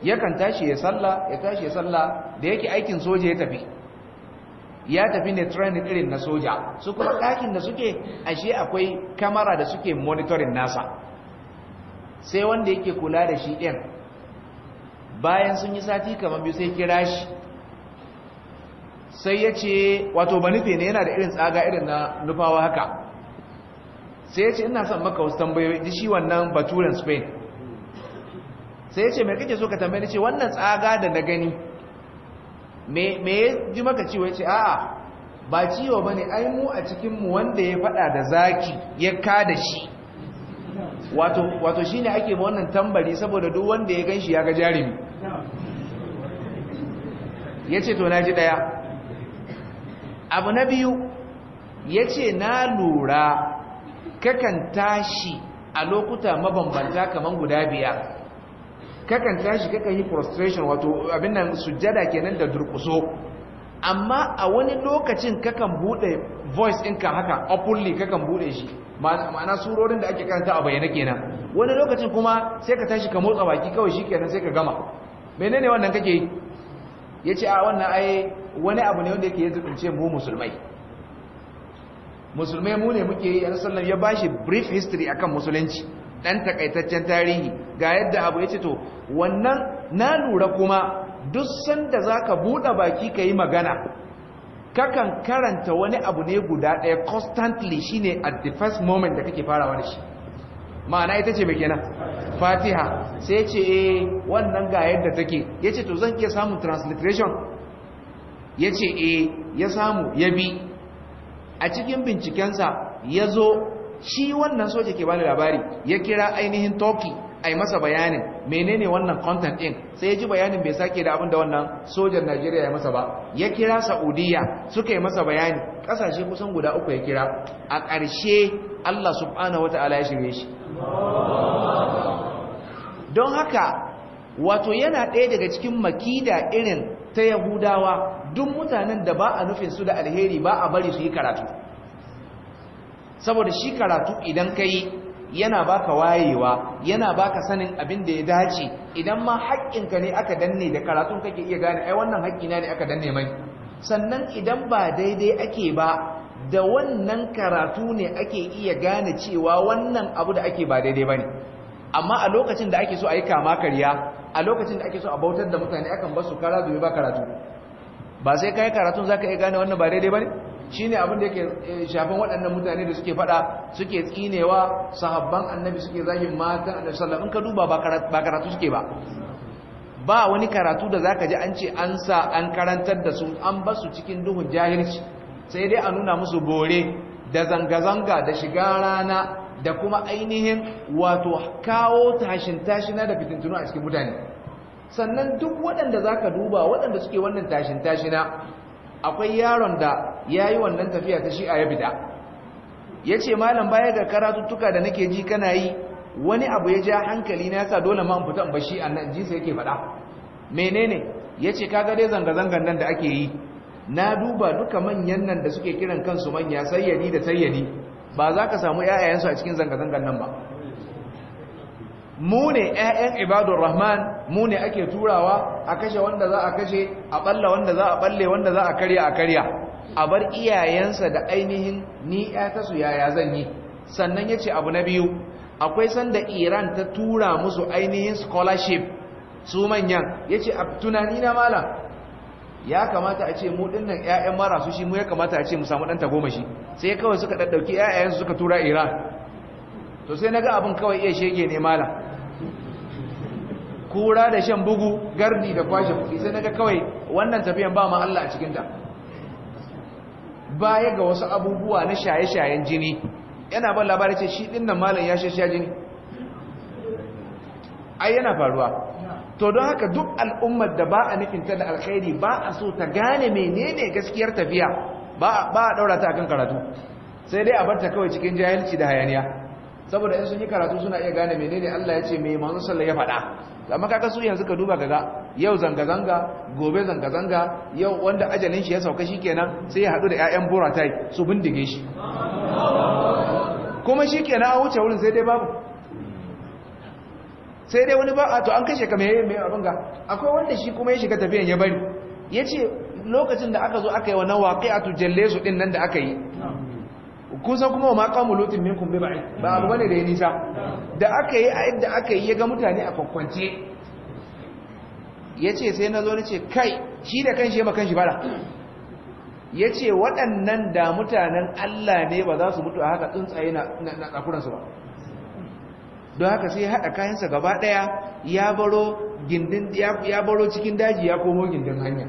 yakan tashi ya salla ya tashi ya salla da yake aikin soja ya tafi ya tafi ne training irin na soja su kuma ɗakin da suke ashe akwai kamara da suke monitoring nasa sai wanda yake kula da shi ɗin bayan sun yi sati kamar biyu sai kira shi sai ya ce wato ba nufe ne yana da irin tsaga irin na nufawa haka sai ya ce ina son maka wasu tambayoyi da shi wannan baturen spain sai ya ce mai kake so ka tambayi? ce wannan tsaga da na gani me ya ji maka ciwo ya ce a'a ba ciwo ba ne ai mu a cikinmu wanda ya faɗa da zaki ya ka da shi wato wato shine ake ma wannan tambari saboda duk wanda ya ganshi ya ga jarumi yace to naji daya abu na biyu yace na lura kakan tashi a lokuta mabambanta kaman guda biya? kakan tashi kakan yi prostration wato abin nan sujjada kenan da durkuso amma a wani lokacin kakan bude voice ɗinka haka openly kakan bude shi ma'ana surorin da ake karanta a bayyana kenan wani lokacin kuma sai ka tashi ka motsa baki kawai shi kenan sai ka gama menene wannan kake yi ya a wannan ai wani abu ne wanda yake yanzu kunce mu musulmai musulmai mu ne muke yi a sallam ya bashi brief history akan musulunci dan takaitaccen tarihi ga yadda abu yace ce to wannan na lura kuma duk sanda zaka buɗe baki ka magana kakan karanta wani abu ne guda ɗaya constantly shine at the first moment da kake farawa da shi ma'ana ita ce mai kenan fatiha sai ce e, wannan ga yadda take ya ce to zan iya samun transliteration ya ce e, ya samu ya bi a cikin bincikensa ya zo shi wannan soja ke bani labari ya kira ainihin turkey Ai masa bayanin menene wannan content din sai ya ji bayanin bai sake da abin da wannan sojan Najeriya ya masa ba ya kira Saudiya suka yi masa bayani kasashe kusan guda uku ya kira a ƙarshe Allah subhanahu wataala ya shirye shi don haka wato yana ɗaya daga cikin makida irin ta Yahudawa duk mutanen da ba a nufin su da alheri ba a bari su yi karatu saboda shi karatu idan ka yi yana baka wayewa yana baka sanin abin da ya dace idan ma haƙƙinka ne aka danne da karatun kake iya gane ai wannan haƙƙina ne aka danne mai sannan idan ba daidai ake ba da wannan karatu ne ake iya gane cewa wannan abu da ake ba daidai ba ne amma a lokacin da ake so a yi kama karya a lokacin da ake so a bautar da mutane akan basu kara domin ba karatu ba sai ka yi karatun za ka iya gane wannan ba daidai ba ne shi abin da yake eh, shafin waɗannan mutane da suke faɗa, suke tsinewa sahabban annabi suke zagin matan annabi sallallahu in ka duba ba karatu suke ba ba wani karatu da zaka ji an ce an sa an karantar da su an ba su cikin duhun jahilci sai dai a nuna musu bore da zanga-zanga da shiga rana da kuma ainihin wato kawo tashin-tashina da fitintunu a cikin mutane sannan duk waɗanda za ka duba waɗanda suke wannan tashin-tashina akwai yaron da ya yi wannan tafiya ta shi'a ya bida ya ce malam baya ga karatuttuka da nake ji kana yi wani abu ya ja hankali na yasa dole ma fitan fita ba shi'a nan ji sai yake faɗa menene ya ce kaga dai zanga-zangan nan da ake yi na duba duka manyan nan da suke kiran kansu manya sayyadi da sayyadi ba za ka samu 'ya'yansu a cikin zanga-zangan nan ba mu ne ibadun ibadur rahman mu ne ake turawa a kashe wanda za a kashe a balle wanda za a balle wanda za a karya a karya a bar iyayensa da ainihin ni su yaya zan yi sannan yace abu na biyu akwai sanda Iran ta tura musu ainihin scholarship su manyan yace a tunani na malam ya kamata a ce mu dinnan ƴaƴan marasu shi mu ya kamata a ce mu samu dan tagomashi sai kawai suka daddauki 'ya'yansu suka tura Iran to sai naga abin kawai iya shege ne malam kura da shan bugu gardi da kwashe kuɗi sai naga kawai wannan tafiyan ba ma Allah a cikin baya ga wasu abubuwa na shaye-shayen jini yana ban labarai ce shi ɗin dinnan malam ya shasha jini ai yana faruwa to don haka duk al'ummar da ba a nufin ta da alkhairi ba a so ta gane menene gaskiyar tafiya ba a daura ta akan karatu sai dai a barta kawai cikin jahilci da hayaniya saboda in sun yi karatu suna iya gane menene Allah ya ce mai manzo sallah ya faɗa amma kaga su yanzu ka duba kaga yau zanga zanga gobe zanga zanga yau wanda ajalin shi ya sauka shikenan sai ya haɗu da ƴaƴan buratai su bindige shi kuma shikenan a wuce wurin sai dai babu sai dai wani ba a to an kashe ka mai mai abin ga akwai wanda shi kuma ya shiga tafiyan ya bari yace lokacin da aka zo aka yi wannan waqi'atu jallesu din nan da aka yi kusa kuma ma kamu lutin minkum bi ba'i ba abu bane da ya nisa da aka yi a yadda aka yi ya ga mutane a kwakwance ya ce sai na zo na ce kai shi da kanshi ya makan shi bara ya ce waɗannan da mutanen Allah ne ba za su mutu a haka tsuntsaye na tsakuransu ba don haka sai haɗa kayansa gaba ɗaya ya baro cikin daji ya komo gindin hanya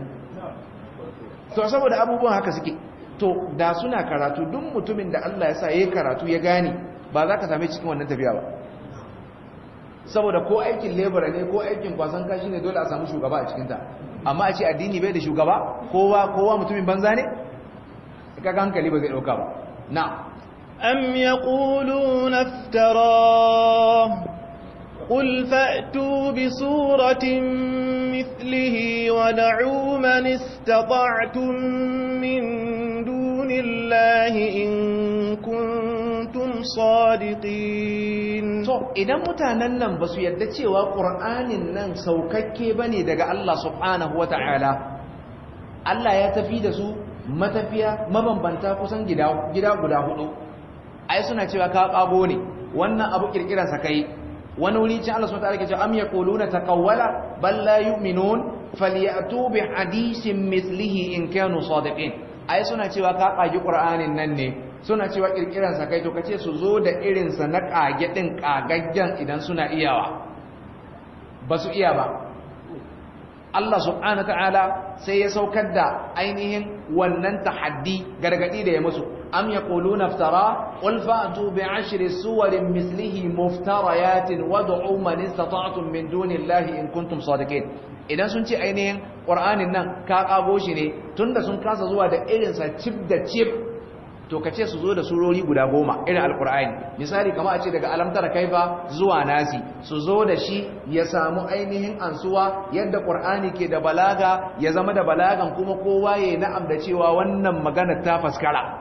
to saboda abubuwan haka suke to da suna karatu duk mutumin da Allah ya sa ya karatu ya gane ba za ka same cikin wannan tafiya ba saboda ko aikin labor ne ko aikin kwasan kashi ne dole a samu shugaba a cikinta amma a ce addini bai da shugaba kowa kowa mutumin banza ne ka hankali ba zai dauka ba na am yaquluna iftara قل فأتوا بسورة مثله ودعوا من استطعتم من الله إن كنتم صادقين idan mutanen nan basu yarda cewa ƙur'anin nan saukakke ne daga Allah subhanahu wataala Allah ya tafi da su matafiya mabambanta kusan gida guda hudu ai suna cewa ka kago ne wannan abu kirkiran sa kai wani wuri cin Allah subhanahu wataala ke cewa am yaquluna taqawwala bal la yu'minun falyatu bi hadisin mislihi in kanu sadiqin ai suna cewa ka ƙage ƙur'anin nan ne suna cewa sa kai to ka ce su zo da irin sa na ƙage ɗin ƙagaggen idan suna iyawa ba su iya ba Allah subhanahu ta'ala sai ya saukar da ainihin wannan tahaddi gargadi da ya musu am yaquluna iftara qul fa'tu bi ashri suwarin mislihi muftariyatin wad'u man istata'tum min dunillahi in kuntum sadiqin idan sun ce ainihin ƙwar'anin nan ka ƙago shi ne tun da sun kasa zuwa da irinsa cif da cif to ka ce su zo da surori guda goma irin alƙur'ani misali kama a ce daga alamtar kaifa zuwa nasi su zo da shi ya samu ainihin ansuwa yadda ƙur'ani ke da balaga ya zama da balagan kuma kowa ya yi na'am da cewa wannan magana ta faskara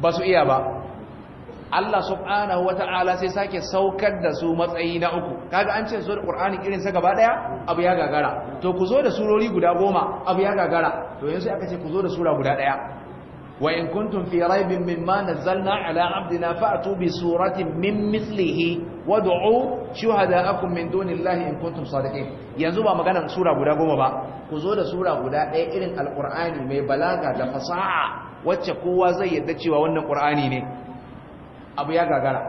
ba su iya ba Allah subhanahu wata'ala sai sake saukar da su matsayi na uku kaga an ce zo da Qur'ani irin sa gaba daya abu ya gagara to ku zo da surori guda goma abu ya gagara to yanzu aka ce ku zo da sura guda daya wa in kuntum fi raibin mimma nazzalna ala abdina fa'tu bi suratin min mislihi wad'u shuhada'akum min dunillahi in kuntum sadiqin yanzu ba maganar sura guda goma ba ku zo da sura guda ɗaya irin alqur'ani mai balaga da fasaha wacce kowa zai yadda cewa wannan qur'ani ne abu ya gagara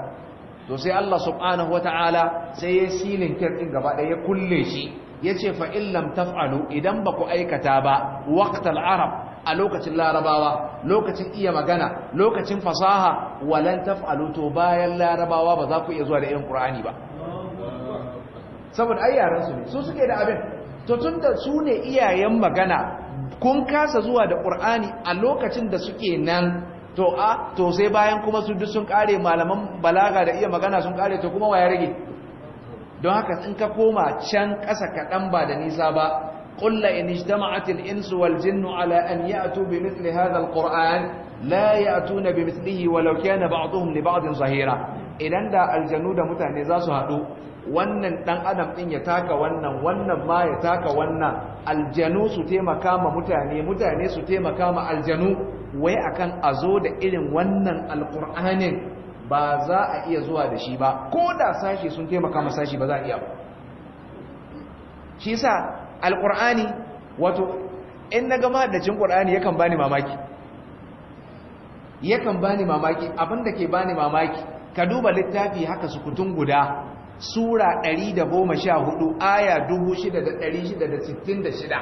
to sai Allah subhanahu wataala sai ya silin kirkin gaba ɗaya ya kulle shi ya fa in lam taf'alu idan ba ku aikata ba waqtal arab a lokacin larabawa lokacin iya magana lokacin fasaha walan taf'alu to bayan larabawa ba za ku iya zuwa da irin qur'ani ba saboda ai yaran su ne su suke da abin to da su ne iyayen magana kun kasa zuwa da qur'ani a lokacin da suke nan to a to bayan kuma su sun kare malaman balaga da iya magana sun kare to kuma waya rage don haka in ka koma can ƙasa kaɗan ba da nisa ba قل إن اجتمعت الإنس والجن na أن يأتوا بمثل هذا القرآن لا يأتون بمثله ولو كان بعضهم لبعض ظهيرا إذن دا الجنود متعنزاس هدو wannan dan adam ɗin ya taka wannan wannan ma ya taka wannan aljanu su taimaka ma mutane mutane su taimaka ma aljanu wai akan a zo da irin wannan alkur'anin ba za a iya zuwa da shi ba ko da sashi sun taimaka ma sashi ba za a iya ba shi sa alkur'ani wato in na gama da cin ƙur'ani yakan bani mamaki yakan bani mamaki abinda ke bani mamaki ka duba littafi haka sukutun guda sura 114 aya 666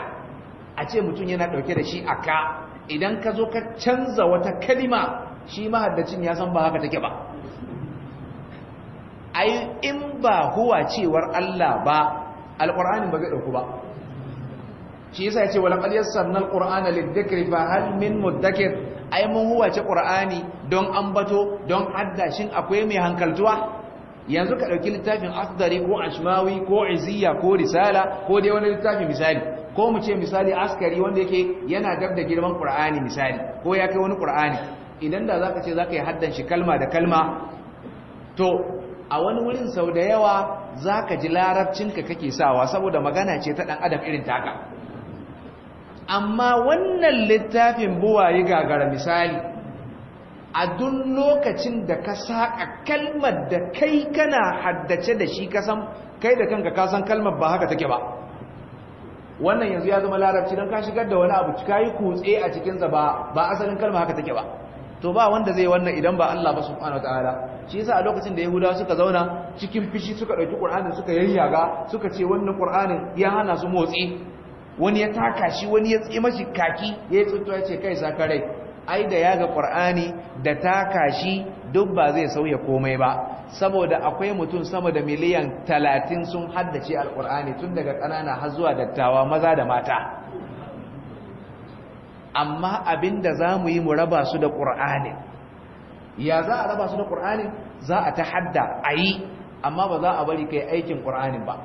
a ce mutum yana ɗauke da shi a ka idan ka zo ka canza wata kalima shi mahaddacin ya san ba haka take ba ai in ba huwa cewar Allah ba alqur'anin ba zai dauku ba shi yasa yace wala qad yassarna alqur'ana lidhikri fa hal min mudakkir ai mun huwa ce qur'ani don ambato don hadda shin akwai mai hankaltuwa yanzu ka dauki littafin asdari ko ashmawi ko iziya ko risala ko dai wani littafin misali ko mu ce misali askari wanda yake yana dab da girman qur'ani misali ko ya kai wani qur'ani idan da zaka ce zaka yi haddan shi kalma da kalma to a wani wurin sau da yawa zaka ji larabcinka kake sawa saboda magana ce ta dan adam irin taka amma wannan littafin buwaye gagara misali a duk lokacin da ka saka kalmar da kai kana haddace da shi kasan kai da kanka kasan kalmar ba haka take ba wannan yanzu ya zama larabci don ka shigar da wani abu ka yi kutse a cikinsa ba ba asalin kalma haka take ba to ba wanda zai wannan idan ba Allah ba subhanahu wataala shi yasa a lokacin da yahudawa suka zauna cikin fishi suka ɗauki qur'anin suka yayyaga suka ce wannan qur'anin ya hana su motsi wani ya taka shi wani ya tsima shi kaki ya yi tsuntuwa ce kai sakarai ai da ya ga qur'ani da taka shi duk ba zai sauya komai ba saboda akwai mutum sama da miliyan talatin sun haddace alkur'ani tun daga ƙanana har zuwa dattawa maza da mata amma abin da za mu yi mu raba su da ƙur'ani ya za a raba su da ƙur'ani za a ta hadda a yi amma ba za a bari kai aikin ƙur'ani ba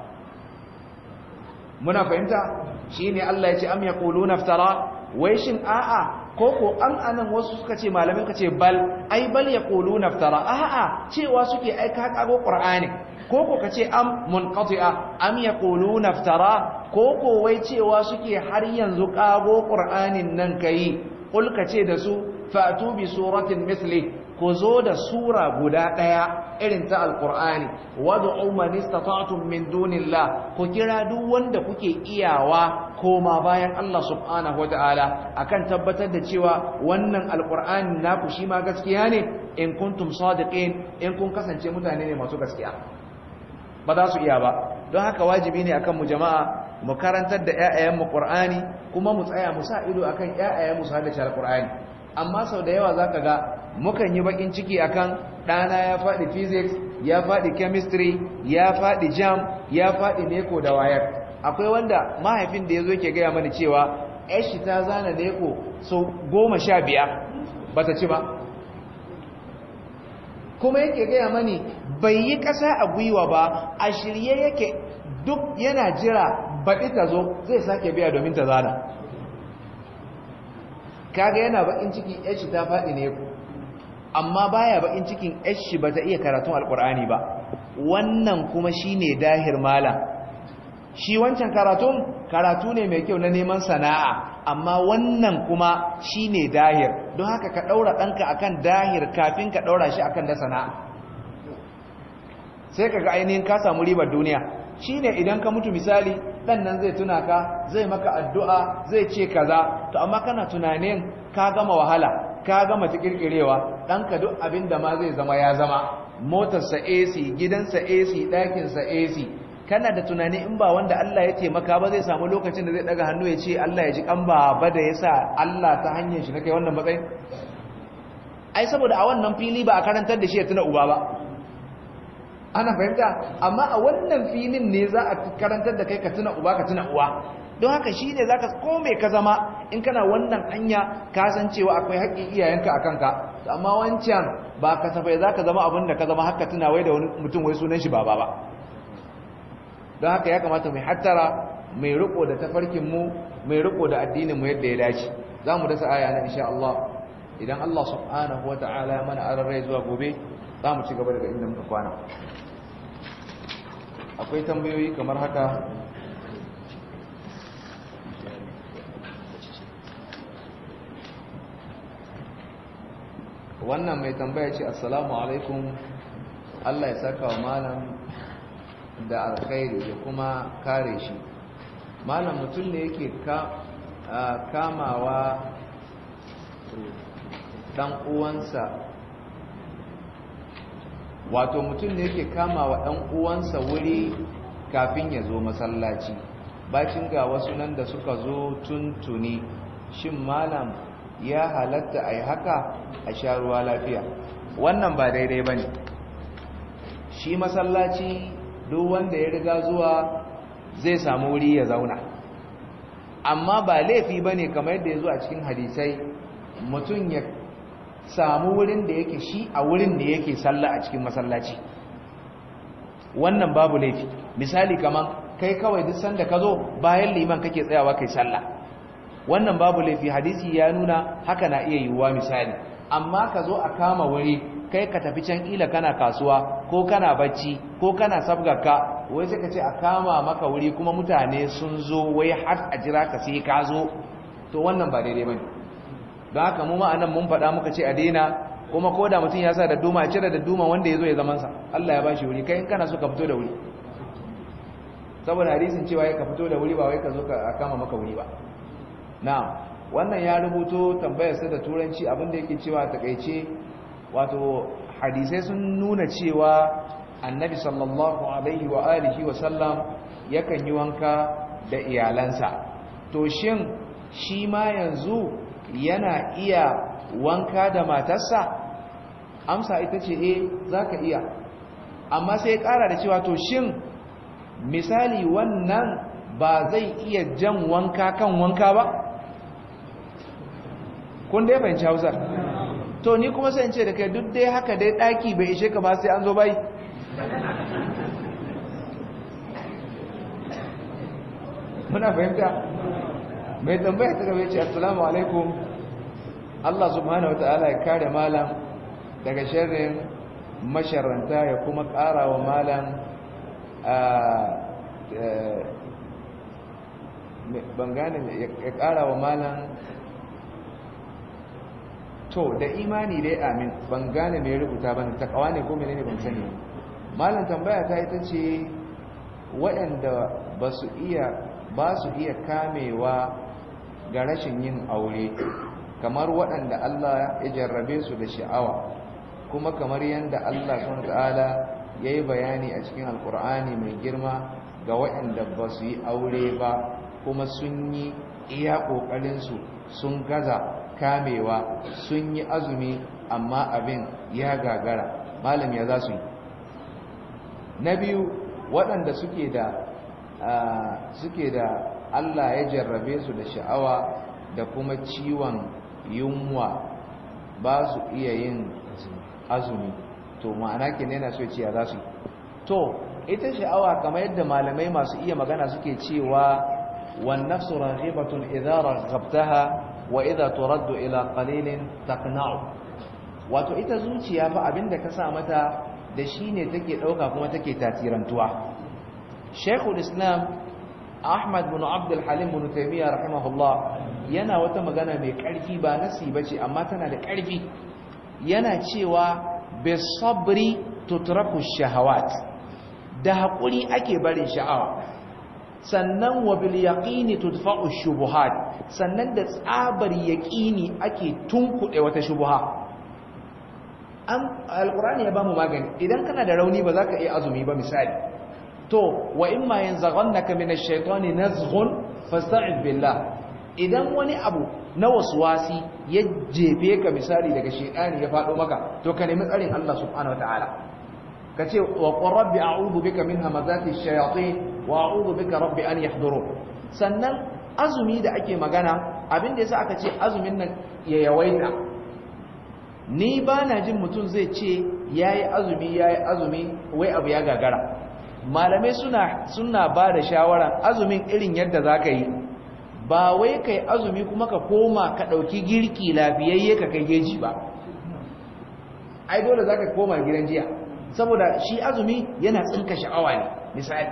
muna fahimta shi ne allah ya ce am ya ƙulu naftara wai shin a'a ko ko an anan wasu suka ce malamin ka ce bal ai bal ya kulu naftara a'a cewa suke ai ka kago qur'ani ko ko ka ce am munqati'a am ya kulu naftara ko ko wai cewa suke har yanzu kago qur'anin nan kai kul ka ce da su fa'tu bi suratin misli ku zo da sura guda ɗaya irin ta alkur'ani wadda umarni stata'atun min dunillah ku kira duk wanda kuke iyawa koma bayan Allah subhanahu wata'ala akan tabbatar da cewa wannan Alƙur'ani naku shi ma gaskiya ne in kuntum sadiqin in kun kasance mutane ne masu gaskiya ba za su iya ba don haka wajibi ne akan mu jama'a mu karantar da 'ya'yayenmu qur'ani kuma mu tsaya mu sa ido akan 'ya'yayenmu su haddace alkur'ani amma sau da yawa za ka ga mukan yi bakin ciki akan ɗana ya faɗi physics ya faɗi chemistry ya faɗi jam ya faɗi neko da wayar akwai wanda mahaifin da ya zo ke gaya mani cewa yashi ta zana neko so goma sha biya ba ta ci ba kuma yake gaya mani bai yi ƙasa a gwiwa ba a shirye yake duk yana jira baɗi ta zo zai sake biya domin ta zana kaga yana bakin cikin yashi ta faɗi ne ku amma baya bakin cikin yashi ba ta iya karatun alkur'ani ba wannan kuma shine dahir malam shi wancan karatun karatu ne mai kyau na neman sana'a amma wannan kuma shi ne dahir don haka ka ɗaura ɗanka akan dahir kafin ka ɗaura shi akan da sana'a sai ka ga ainihin ka samu ribar duniya Shi ne idan ka mutu misali dan nan zai tuna ka zai maka addu'a zai ce kaza to amma kana tunanin ka gama wahala ka gama ta ƙirƙirewa, dan ka duk abin da ma zai zama ya zama motarsa AC gidansa AC ɗakinsa AC kana da tunani in ba wanda Allah ya taimaka ba zai samu lokacin da zai daga hannu ya ce Allah ya ji kan ba da yasa Allah ta hanyar shi na kai wannan matsayin ai saboda a wannan fili ba a karantar da shi ya tuna uba ba ana fahimta amma a wannan filin ne za a karantar da kai ka tuna uba ka tuna uwa don haka shi ne za ka kome ka zama in kana wannan hanya kasancewa akwai haƙƙin iyayenka a kanka amma wancan ba ka safai za ka zama abin da ka zama haka tuna wai da wani mutum wai sunan shi baba ba don haka ya kamata mai hattara mai riko da tafarkinmu mai riko da addininmu yadda ya dace za mu dasa aya na insha Allah idan Allah subhanahu wa ta'ala mana aran rai zuwa gobe za mu ci gaba daga inda muka kwana akwai tambayoyi kamar haka wannan mai tambaya ce assalamu alaikum Allah ya saka wa malam da alkhairi da kuma kare shi malam mutum ne yake ah, kamawa dan uwansa wato mutum ne yake kama wa ɗan uwansa wuri kafin ya zo masallaci bacin ga wasu nan da suka zo tuntuni shin malam ya halatta a yi haka a sha ruwa lafiya wannan ba daidai ba ne shi masallaci duk wanda ya riga zuwa zai samu wuri ya zauna amma ba laifi ba ne kamar yadda ya zo a cikin hadisai mutum ya samu wurin da yake shi a wurin da yake sallah a cikin masallaci wannan babu laifi misali kaman kai kawai duk sanda ka zo bayan liman kake tsayawa kai sallah wannan babu laifi hadisi ya nuna haka na iya yiwuwa misali amma ka zo a kama wuri kai ka tafi can ila kana kasuwa ko kana bacci ko kana sabgarka wai sai ka ce a kama maka wuri kuma mutane sun zo wai har a jira ka sai ka zo to wannan ba daidai bane don haka mu ma'anan mun faɗa muka ce a daina kuma ko da mutum ya sa da duma a cire da duma wanda ya zo ya zamansa Allah ya bashi wuri kai in kana so ka fito da wuri saboda hadisin cewa ya ka fito da wuri ba wai ka zo ka kama maka wuri ba na'am wannan ya rubuto tambayar sa da turanci abin da yake cewa takeice wato hadisai sun nuna cewa annabi sallallahu alaihi wa alihi wa sallam yakan yi wanka da iyalansa to shin shi ma yanzu yana iya wanka da matarsa amsa ita ce eh zaka iya amma sai kara da cewa to shin misali wannan ba zai iya jan wanka kan wanka ba kun dai fahimci hausar to ni kuma sai ce da kai duk dai haka dai ɗaki bai ishe ka ba sai an zo bai muna fahimta mai tambaya ta gabe ce assalamu alaikum Allah subhanahu wataala ya kare malam daga sharrin masharanta ya kuma ƙara wa malam bangane ya ƙara wa malam to da imani dai amin bangane mai rubuta bane ta ne ko menene ban sani malam tambaya ta ita ce waɗanda ba su iya ba su iya kamewa ga rashin yin aure kamar waɗanda Allah ya jarrabe su da sha'awa kuma kamar yadda Allah sun ta'ala ya yi bayani a cikin alkur'ani mai girma ga waɗanda ba su yi aure ba kuma sun yi iya ƙoƙarinsu sun gaza kamewa sun yi azumi amma abin ya gagara malam ya za su yi na biyu waɗanda suke da ah, Allah ya jarrabe su da sha'awa da kuma ciwon yunwa ba su iya yin azumi to ma'ana ke yana so ciya za su to ita sha'awa kamar yadda malamai masu iya magana suke cewa wan nafsu raghibatun idza raghabtaha wa idza turaddu ila qalilin taqna'u wato ita zuciya fa abinda ka sa mata da shine take dauka kuma take tatirantuwa shaykhul islam Ahmad bin Abdul Halim bin Taymiyyah rahimahullah yana wata magana mai ƙarfi ba nasi bace amma tana da ƙarfi yana cewa bi sabri tutraku shahawat da hakuri ake barin sha'awa sannan wa bil yaqini tudfa'u shubuhat sannan da tsabar yaqini ake tunkuɗe wata shubuha an alqur'ani ya bamu magani idan kana da rauni ba za ka iya azumi ba misali to wa in ma yanzaghannaka min ash-shaytani nazghun fasta'id billah idan wani abu na wasi ya jefe ka misali daga shaytani ya faɗo maka to ka nemi tsarin Allah subhanahu wataala ce wa rabbi a'udhu bika min hamazati ash-shayatin wa a'udhu bika rabbi an sannan azumi da ake magana abin da yasa aka ce azumin nan ya yawaita ni ba na jin mutum zai ce yayi azumi yayi azumi wai abu ya gagara malamai suna suna ba da shawaran azumin irin yadda za ka yi ba wai ka yi azumi kuma ka koma ka ɗauki girki lafiyayye ka kai geji ba ai dole za ka koma gidan jiya saboda shi azumi yana tsinka sha'awa ne misali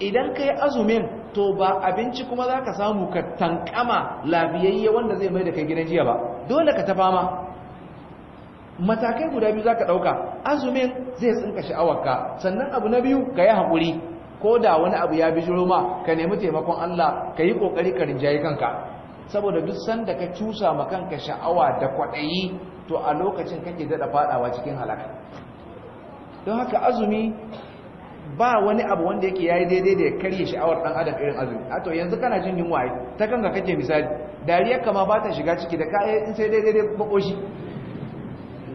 idan ka yi azumin to ba abinci kuma za ka samu ka tankama lafiyayye wanda zai mai da kai gidan jiya ba dole ka ta fama matakai guda biyu za ka ɗauka azumin zai tsinka sha'awarka sannan abu na biyu ka yi haƙuri ko da wani abu ya bi ma ka nemi taimakon Allah ka yi ƙoƙari ka rinjaye kanka saboda duk sanda ka cusa ma kanka sha'awa da kwaɗayi to a lokacin kake daɗa faɗawa cikin halaka don haka azumi ba wani abu wanda yake yayi daidai da ya karye sha'awar ɗan adam irin azumi a to yanzu kana jin yunwa ta kanka kake misali dariyar kama ba ta shiga ciki da kayan in sai daidai da makoshi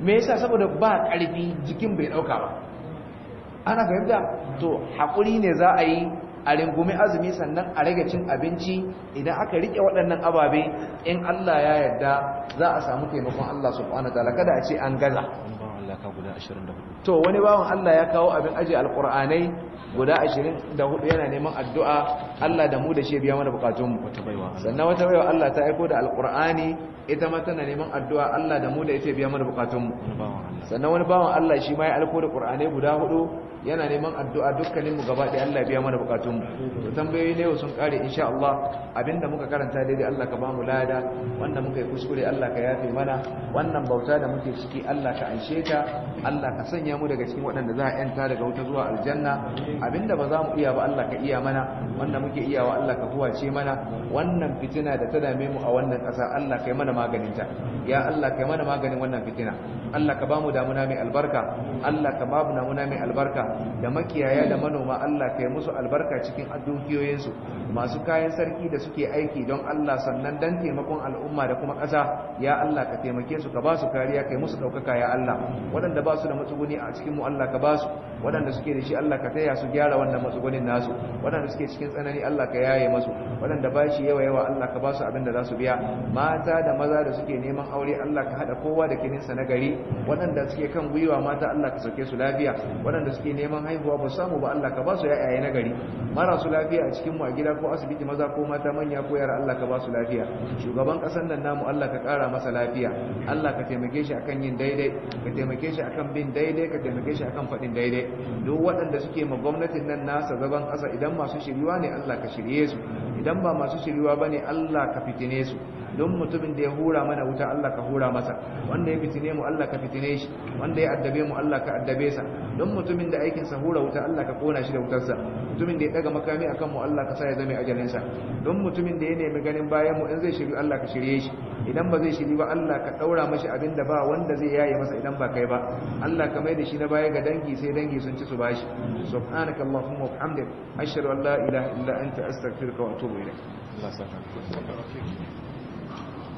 me yasa saboda ba ƙarfi jikin bai ɗauka ba ana fahimta to haƙuri ne za a yi a ringumi azumi sannan a rage cin abinci idan aka rike waɗannan ababe in Allah ya yarda za a samu taimakon Allah subhanahu wataala kada a ce an gaza to wani bawan Allah ya kawo abin aje alqur'anai guda 24 yana neman addu'a Allah da mu da shi biya mana bukatun mu wata baiwa sannan wata baiwa Allah ta aiko da alqur'ani ita ma tana neman addu'a Allah da mu da ita biya mana bukatun mu sannan wani bawan Allah shi ma ya alko da qur'ani guda hudu yana neman addu'a dukkaninmu gaba ɗaya Allah biya mana bukatunmu to tambayoyi ne sun kare insha Allah abinda muka karanta daidai Allah ka bamu lada Wannan muka yi kuskure Allah ka yafe mana wannan bauta da muke ciki Allah ka anshe ta Allah ka sanya mu daga cikin waɗanda za a yanta daga wuta zuwa aljanna abinda ba za mu iya ba Allah ka iya mana Wannan muke iyawa Allah ka huwace mana wannan fitina da ta dame mu a wannan ƙasa Allah ka yi mana maganin ta ya Allah ka yi mana maganin wannan fitina Allah ka bamu damuna mai albarka Allah ka bamu damuna mai albarka da makiyaya da manoma Allah ka kai musu albarka cikin addukiyoyinsu masu kayan sarki da suke aiki don Allah sannan dan taimakon al'umma da kuma ƙasa ya Allah ka taimake su ka ba su kariya kai musu ɗaukaka ya Allah waɗanda ba su da matsuguni a cikin Allah ka ba su waɗanda suke da shi Allah ka taya su gyara wannan matsugunin nasu waɗanda suke cikin tsanani Allah ka yaye masu waɗanda ba shi yawa yawa Allah ka ba su abin da za su biya mata da maza da suke neman aure Allah ka haɗa kowa da kininsa na gari waɗanda suke kan gwiwa mata Allah ka sauke su lafiya waɗanda suke neman neman haihuwa ba samu ba Allah ka ba su ya'ya na gari marasu lafiya a cikin mu a gida ko asibiti maza ko mata manya ko yara Allah ka ba su lafiya shugaban kasan nan namu Allah ka kara masa lafiya Allah ka taimake shi akan yin daidai ka taimake shi akan bin daidai ka taimake shi akan faɗin daidai duk waɗanda suke ma gwamnatin nan nasa zaban ƙasa idan masu shiriwa ne Allah ka shirye su idan ba masu shiriwa bane Allah ka fitine su don mutumin da ya hura mana wuta Allah ka hura masa wanda ya fitine mu Allah ka fitine shi wanda ya addabe mu Allah ka addabe sa don mutumin da aikin sa hura wuta Allah ka kona shi da wutarsa mutumin da ya daga makami akan mu Allah ka sa ya zame ajalin sa don mutumin da ya nemi ganin bayan mu in zai shiri Allah ka shirye shi idan ba zai shiri ba Allah ka daura mashi abin da ba wanda zai yaye masa idan ba kai ba Allah ka mai da shi na baya ga dangi sai dangi sun ci su bashi subhanaka allahumma wa bihamdik ashhadu an la ilaha illa anta astaghfiruka wa atubu ilaik Allah saka